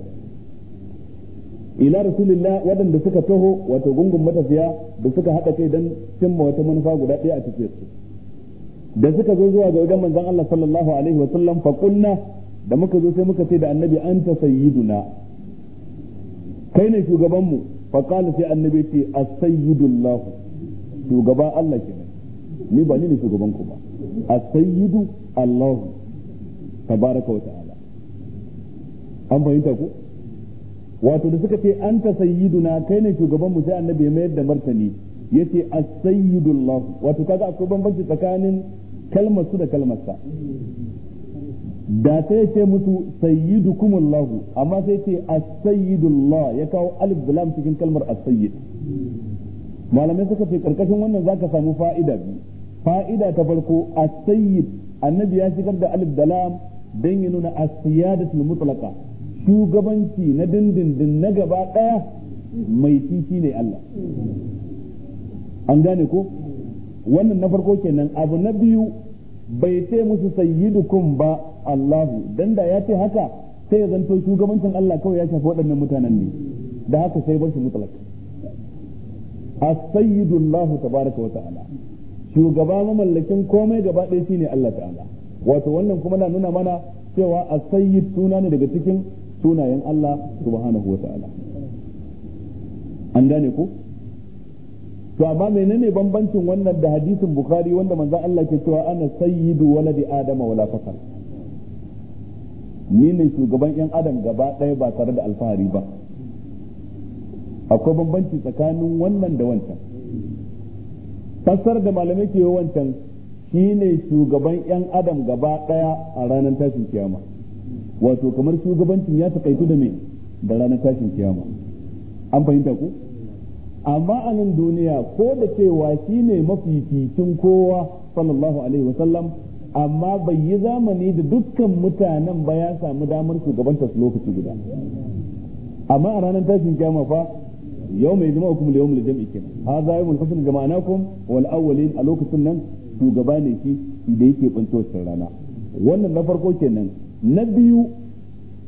ila rasulillah waɗanda suka taho wato gungun matafiya da suka haɗa kai don cimma wata manufa guda ɗaya a cikin su da suka zo zuwa ga wajen manzon Allah sallallahu alaihi wa sallam fa kunna da muka zo sai muka ce da annabi anta sayyiduna kai ne shugabanmu fa qala sai annabi ce as-sayyidullah shugaba Allah kenan ni ba ni ne shugaban ku ba as-sayyidu Allah tabaraka wa ta'ala an fahimta ku wato da suka ce anta sayyiduna kai ne shugaban mu sai annabi ya mayar da martani yace as-sayyidu Allah wato kaga akwai bambanci tsakanin kalmar su da kalmar sa da sai ce musu sayyidukumullahu amma sai ce as-sayyidullah ya kawo alif da cikin kalmar as-sayyid malamai suka ce karkashin wannan zaka samu fa'ida biyu fa'ida ta farko as-sayyid annabi ya shigar da alif dalam dan ya nuna as-siyadatul mutlaqa shugabanci na dindindin na gaba ɗaya mai titi ne Allah an gane ko wannan na farko kenan abu na biyu bai ce musu sayyidukum ba Allahu dan da ya ce haka sai ya zanto shugabancin Allah kawai ya shafi waɗannan mutanen ne da haka sai bar shi mutlaq as-sayyidu tabaraka wa ta'ala shugaba mamallakin komai gaba ɗaya shine Allah ta'ala wato wannan kuma na nuna mana cewa as suna ne daga cikin sunayen Allah subhanahu wa ta'ala an gane ko to amma menene bambancin wannan da hadisin bukhari wanda manzon Allah ke cewa ana sayyidu waladi adama wala fakar ni ne shugaban yan adam gaba ɗaya ba tare da alfahari ba akwai bambanci tsakanin wannan da wancan fasar da malamai ke wancan shine shugaban yan adam gaba ɗaya a ranar tashin kiyama wato kamar shugabancin ya taƙaitu da mai da ranar tashin kiyama an fahimta ku amma a nan duniya ko da cewa shine mafificin kowa sallallahu alaihi wasallam amma bai yi zamani da dukkan mutanen ba ya samu damar shugabantar su lokaci guda amma a ranar tashin kiyama fa yawma yajma'ukum li yawmil jam'i kenan hadha yawmul husn jama'nakum wal awwalin a lokacin nan shugaba ne shi da yake banto rana wannan na farko kenan na biyu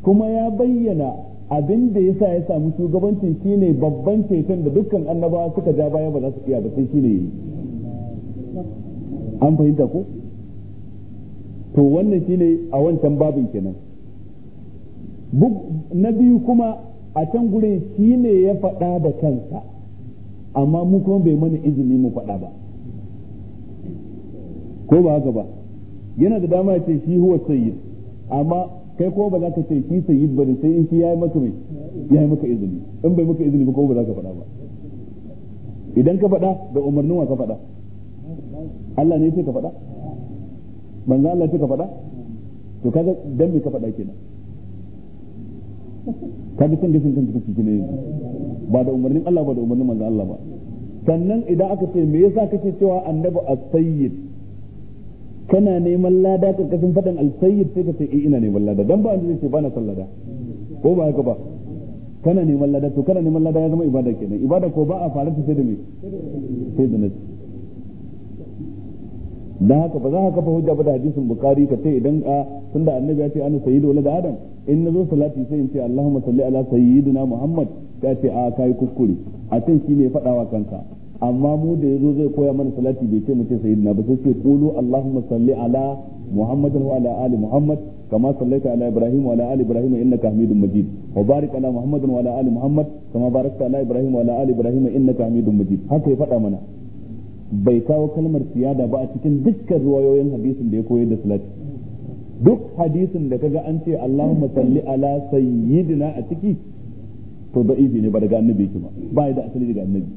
kuma ya bayyana abinda ya sa ya samu shugabancin shine babban ceton da dukkan annabawa suka ja baya ba za su iya ba sai shine yi an fahimta ko to wannan shine a wancan babin kenan na biyu kuma a can gurin shi ne ya faɗa da kansa amma mu kuma bai mana izini mu faɗa ba ko ba haka ba yana da dama ya ce shi huwa sayyid amma kai ko ba za ka ce shi sayyid bane sai in shi ya yi maka mai ya yi maka izini in bai maka izini ba ko ba za ka faɗa ba idan ka faɗa da umarnin wa ka faɗa Allah ne ya ce ka faɗa manzo Allah ya ce ka faɗa to kaga dan me ka faɗa kenan kaga san gashin kanka kake kine yanzu ba da umarnin Allah ba da umarnin manzo Allah ba sannan idan aka ce me yasa kake cewa annabi as-sayyid kana neman lada ka kasin fadan al-sayyid sai ka ce eh ina neman lada dan ba wanda zai ce ba na sallada ko ba haka ba kana neman lada to kana neman lada ya zama ibada kenan ibada ko ba a faranta sai da me sai da nasi dan haka ba za ka kafa hujja ba da hadisin bukari ka ce idan a da annabi ya ce ana sayyidu wala da adam in nazo salati sai in ce allahumma salli ala sayyidina muhammad ka ce a kai kuskure a can shine fadawa kanka amma mu da yazo zai koya mana salati bai ce mu ce sayyidina ba sai ce qulu allahumma salli ala muhammadin wa ala ali muhammad كما صليت على ابراهيم وعلى ال ابراهيم انك حميد مجيد وبارك على محمد وعلى ال محمد ala باركت على ابراهيم وعلى ال ابراهيم انك حميد مجيد هكا يفدا منا bai kawo kalmar siyada ba a cikin dukkan ruwayoyin hadisin da ya koyar da salati duk hadisin da kaga an ce Allahumma salli ala sayyidina a ciki to da'ifi ne ba daga annabi yake ba ba da asali daga annabi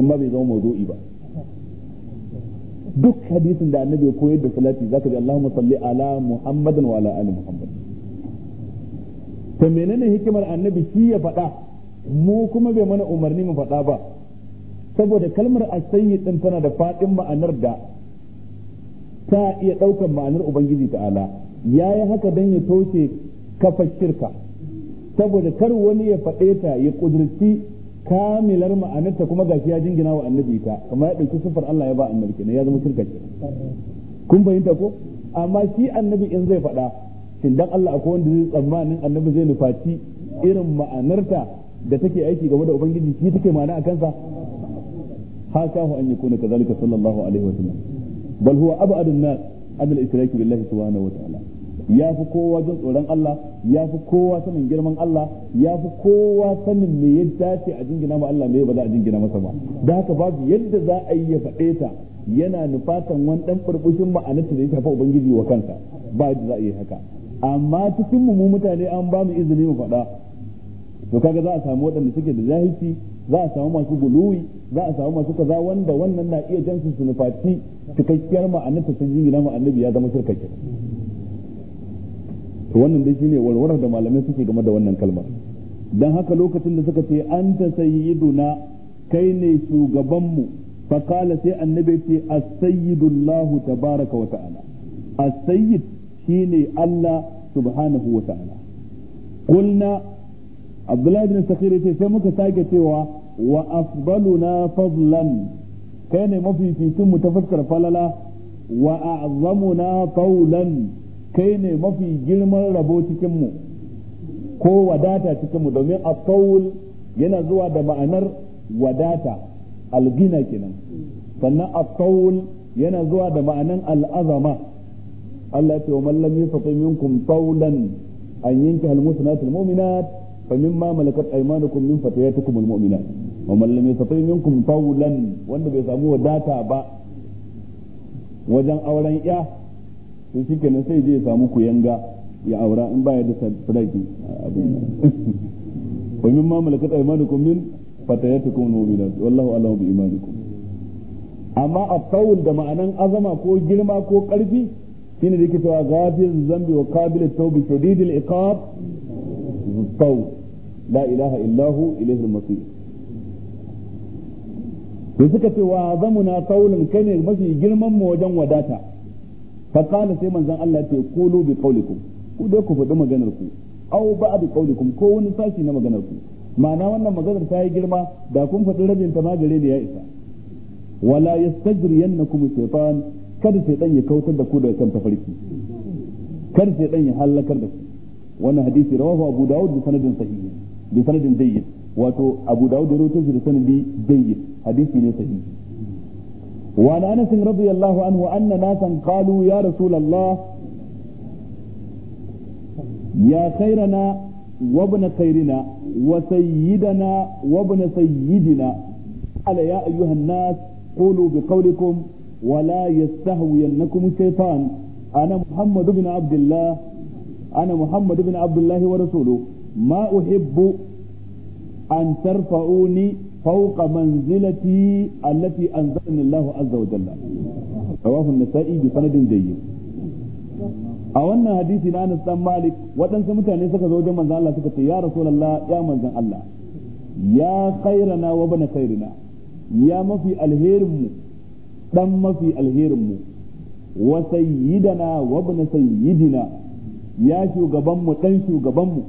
in ba bai zama mawdu'i ba duk hadisin da annabi ya koyar da salati zaka ji Allahumma salli ala Muhammadin wa ala ali Muhammad to menene hikimar annabi shi ya faɗa mu kuma bai mana umarni mu faɗa ba saboda kalmar a sanyi din tana da faɗin ma'anar da ta iya ɗaukar ma'anar ubangiji ta'ala yi haka don ya toshe kafa shirka saboda kar wani ya faɗe ta ya ƙudurci kamilar ma'anarta kuma gashi ya jingina wa annabi ta kamar ya ɗauki sufar Allah ya ba annabi kenan ya zama shirka ce. kun fahimta ko amma shi annabi in zai faɗa shin dan Allah akwai wanda zai tsammanin annabi zai nufaci irin ma'anarta da take aiki game da ubangiji shi take ma'ana a kansa hashahu an yakuna kadhalika sallallahu alaihi wa sallam bal huwa ab'ad an-nas an al-ishrak billahi subhanahu wa ta'ala ya fi kowa jin tsoron Allah ya fi kowa sanin girman Allah ya fi kowa sanin me ya dace a jingina ma Allah me ba za a jingina masa ba da haka babu yadda za a yi ya faɗe ta yana nufatan wani dan burbushin ma'anarta da ya shafa ubangiji wa kansa ba yadda za a yi haka amma cikin mu mutane an ba mu izini mu faɗa to kaga za a samu waɗanda suke da zahiri za a samu masu guluwi za a samu masu kaza wanda wannan na iya jansu su nufaci cikakkiyar ma'anar ta sanji na ma'annabi ya zama shirka to wannan dai shine walwalar da malamai suke game da wannan kalmar dan haka lokacin da suka ce anta sayyiduna kai ne shugabanmu fa kala sai annabi ce as-sayyidullahu tabaraka wa ta'ala as-sayyid shine Allah subhanahu wa ta'ala qulna abdullahi bin sakhir yace sai muka sake cewa wa afdaluna fadlan kai ne mafificin mu ta fuskar falala wa a'zamuna qawlan kai ne mafi girman rabo cikin mu ko wadata cikin mu domin aqawl yana zuwa da ma'anar wadata algina kenan sannan aqawl yana zuwa da ma'anar al'azama Allah ya ce wa man lam yastati minkum qawlan an yanke al-musnat muminat min فمما ملكت ايمانكم من فتياتكم المؤمنات ومن لم يستطع منكم طولا wanda bai samu wadata ba wajen auren ya to shikenan sai je ya samu kuyanga ya aura in baya da sadaki abin wa mimma malakat aymanukum min fatayatikum mu'minat wallahu a'lamu bi imanikum amma at-tawl da ma'anan azama ko girma ko karfi shine da yake cewa ghafir zambi wa qabil tawbi shadidil iqab ذو الطول لا إله إلا هو إليه المصير da kai ne mafi girman mu wajen wadata fa qala sai manzon Allah ce qulu bi qaulikum ku dai faɗi maganarku ku aw ba'd qaulikum ko wani sashi na maganar ma'ana wannan maganar ta yi girma da kun faɗi rabin ta ma ne ya isa wala yastajriyannakum shaytan kada shaytan ya kautar da ku daga tafarki kada shaytan ya halakar da ku wannan hadisi rawahu abu daud bi sanadin sahihi bi sanadin jayyid wato abu daud da rawaito shi da sanadi jayyid hadisi ne sahihi wa an anas radiyallahu anhu anna nasan qalu ya rasulullah ya khairana wa ibn khairina wa sayyidana wa ibn sayyidina ala ya ayyuhan nas qulu bi qawlikum ولا يستهوينكم الشيطان أنا محمد بن عبد الله ana muhammad ibn abdullahi wa rasuluhu ma uhibbu an tarfa'uni fawqa manzilati allati anzalani Allah azza wa jalla rawahu an-nasa'i a wannan hadisi na Anas dan Malik waɗansu mutane suka zo wajen manzon Allah suka ce ya rasulullah ya manzon Allah ya khairana wa bana khairina ya mafi alherinmu dan mafi alherinmu wa sayyidana wa bana sayyidina ya shugaban mu dan shugaban mu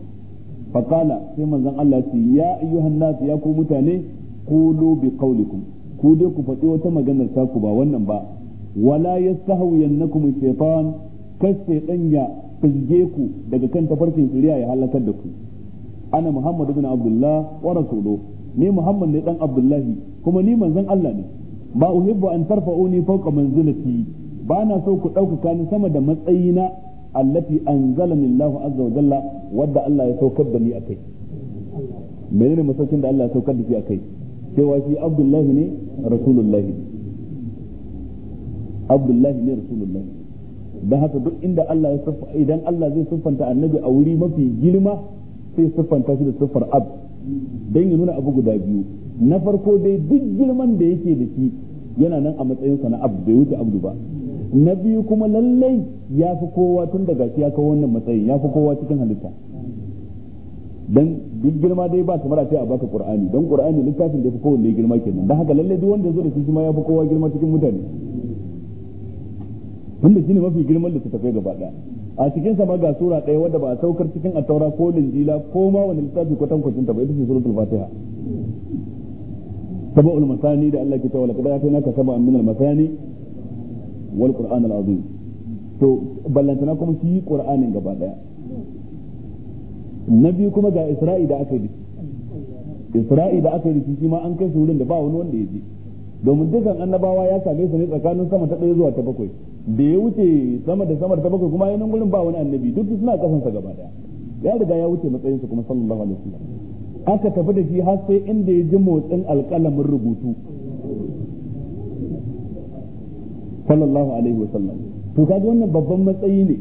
sai manzon Allah ya ce ya ayyuhan nas ya ku mutane qulu bi qawlikum ku dai ku faɗi wata maganar taku ba wannan ba wala yastahwiyannakum shaytan kas ɗan ya fizge ku daga kan tafarkin shari'a ya halakar da ku ana muhammad ibn abdullah wa rasulu ni muhammad ne dan abdullahi kuma ni manzon Allah ne ba uhibbu an tarfa'uni fawqa manzilati ba na so ku ɗaukaka ni sama da matsayina allati anzalani Allahu azza wa jalla wadda Allah ya saukar da ni akai menene masaukin da Allah ya saukar da shi akai cewa shi Abdullahi ne Rasulullahi Abdullahi ne Rasulullahi dan haka duk inda Allah ya idan Allah zai siffanta annabi a wuri mafi girma sai siffanta shi da siffar ab dan ya nuna abu guda biyu na farko dai duk girman da yake da shi yana nan a matsayin sa na ab bai wuce abdu ba na biyu kuma lallai ya fi kowa tun daga shi ya kawo wannan matsayin ya fi kowa cikin halitta dan duk girma dai ba kamar a ce a baka qur'ani dan qur'ani littafin da ya fi kowanne girma kenan dan haka lallai duk wanda ya zo da shi ma ya fi kowa girma cikin mutane tunda shine mafi girman da littattafai gaba daya a cikin sama ga sura ɗaya wadda ba a saukar cikin at-taura ko linjila ko ma wani littafi ko kwacin ta ba ita ce suratul fatiha sab'ul masani da Allah ke cewa laqad atainaka sab'an min al-masani wal qur'an al azim to ballantana kuma shi qur'anin gaba daya na biyu kuma ga isra'i da aka yi isra'i da aka yi shi ma an kai shi wurin da ba wani wanda ya je domin dukkan annabawa ya same su ne tsakanin sama ta ɗaya zuwa ta bakwai da ya wuce sama da sama da ta bakwai kuma yanin gurin ba wani annabi duk suna kasansa gaba daya ya riga ya wuce matsayinsa kuma sallallahu alaihi wasallam aka tafi da shi har sai inda ya ji motsin alƙalamin rubutu sallallahu alaihi wa sallam to kaga wannan babban matsayi ne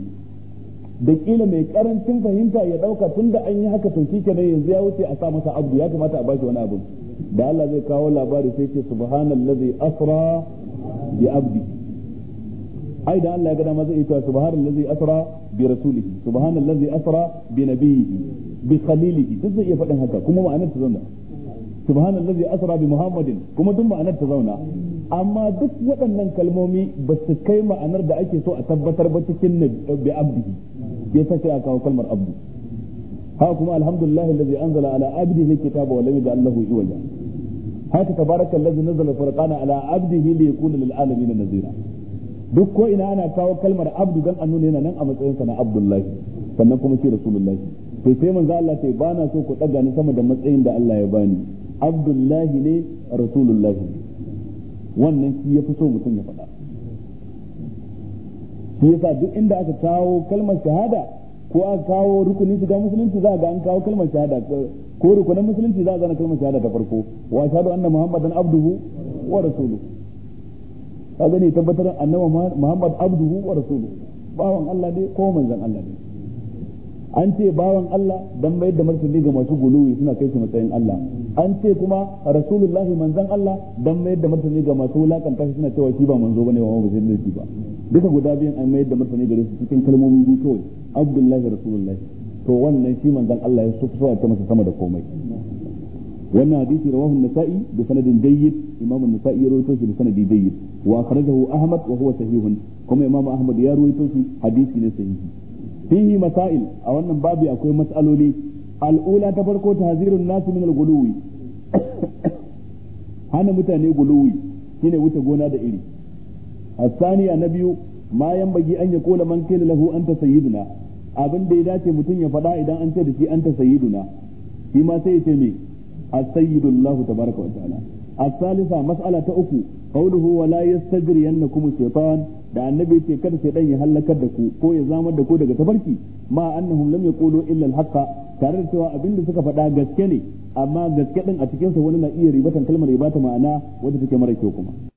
da kila mai karancin fahimta ya dauka tunda an yi haka to ne yanzu ya wuce a sa masa abu ya kamata a bashi wani abu da Allah zai kawo labari sai ce subhanallazi asra bi abdi ai da Allah ya ga dama zai yi ta subhanallazi asra bi rasulihi subhanallazi asra bi nabiyhi bi khalilihi duk zai iya faɗin haka kuma ma'anar ta zauna subhanallazi asra bi muhammadin kuma duk ma'anar ta zauna amma duk waɗannan kalmomi ba su kai ma'anar da ake so a tabbatar ba cikin bi abdihi ya sace a kawo kalmar abdu haka kuma alhamdulillah allazi anzala ala abdihi kitaba wa lam yaj'al lahu iwaja haka tabaraka allazi nazzala furqana ala abdihi li yakuna lil alamin nazira duk ko ina ana kawo kalmar abdu dan an nuna yana nan a matsayin sa na abdullahi sannan kuma shi rasulullahi to sai manzo Allah sai ba na so ku daga ni sama da matsayin da Allah ya bani abdullahi ne rasulullahi ne wannan shi ya fi so mutum ya faɗa shi yasa duk inda aka kawo kalmar shahada ko aka kawo rukunin shiga musulunci za a ga an kawo kalmar shahada ko rukunin musulunci za a zana kalmar shahada ta farko wa shahadu anna muhammadan abduhu wa rasulu ka gani tabbatar annabi muhammad abduhu wa rasulu bawan Allah ne ko manzon Allah ne an ce bawan Allah dan mayar da martani ga masu guluwi suna kai shi matsayin Allah an ce kuma rasulullahi manzon Allah dan mayar da martani ga masu wulakanta shi suna cewa shi ba manzo bane wa ba zai da shi ba duka guda biyan an mayar da martani gare su cikin kalmomi biyu kawai abdullahi rasulullahi to wannan shi manzon Allah ya so ta masa sama da komai wannan hadisi rawahu an-nasa'i bi sanadin jayyid imam an-nasa'i ya rawaito shi bi sanadin jayyid wa akhrajahu ahmad wa huwa sahihun kuma imam ahmad ya rawaito shi hadisi ne sahihi fihi masail a wannan babi akwai mas'aloli al'ula ta farko ta nasu min al-guluwi (coughs) hana mutane guluwi shine wuce gona da iri asaniya na biyu ma bagi an ya kola man kila lahu anta sayyiduna abin da ya dace mutum ya faɗa idan an ce da shi anta sayyiduna shi ma sai ya ce me as-sayyidullahu tabaraka wa ta'ala as-salisa mas'ala ta uku qawluhu wa la yastajriyannakum shaytan da annabi ce kada sai dan ya halakar da ku ko ya zamar da ku daga tabarki ma annahum lam yaqulu illa al-haqqa tare da cewa abin da suka faɗa gaske ne amma gaske din a cikin sa wani na iya ribatan kalmar ribata ma'ana wanda take mara kyau kuma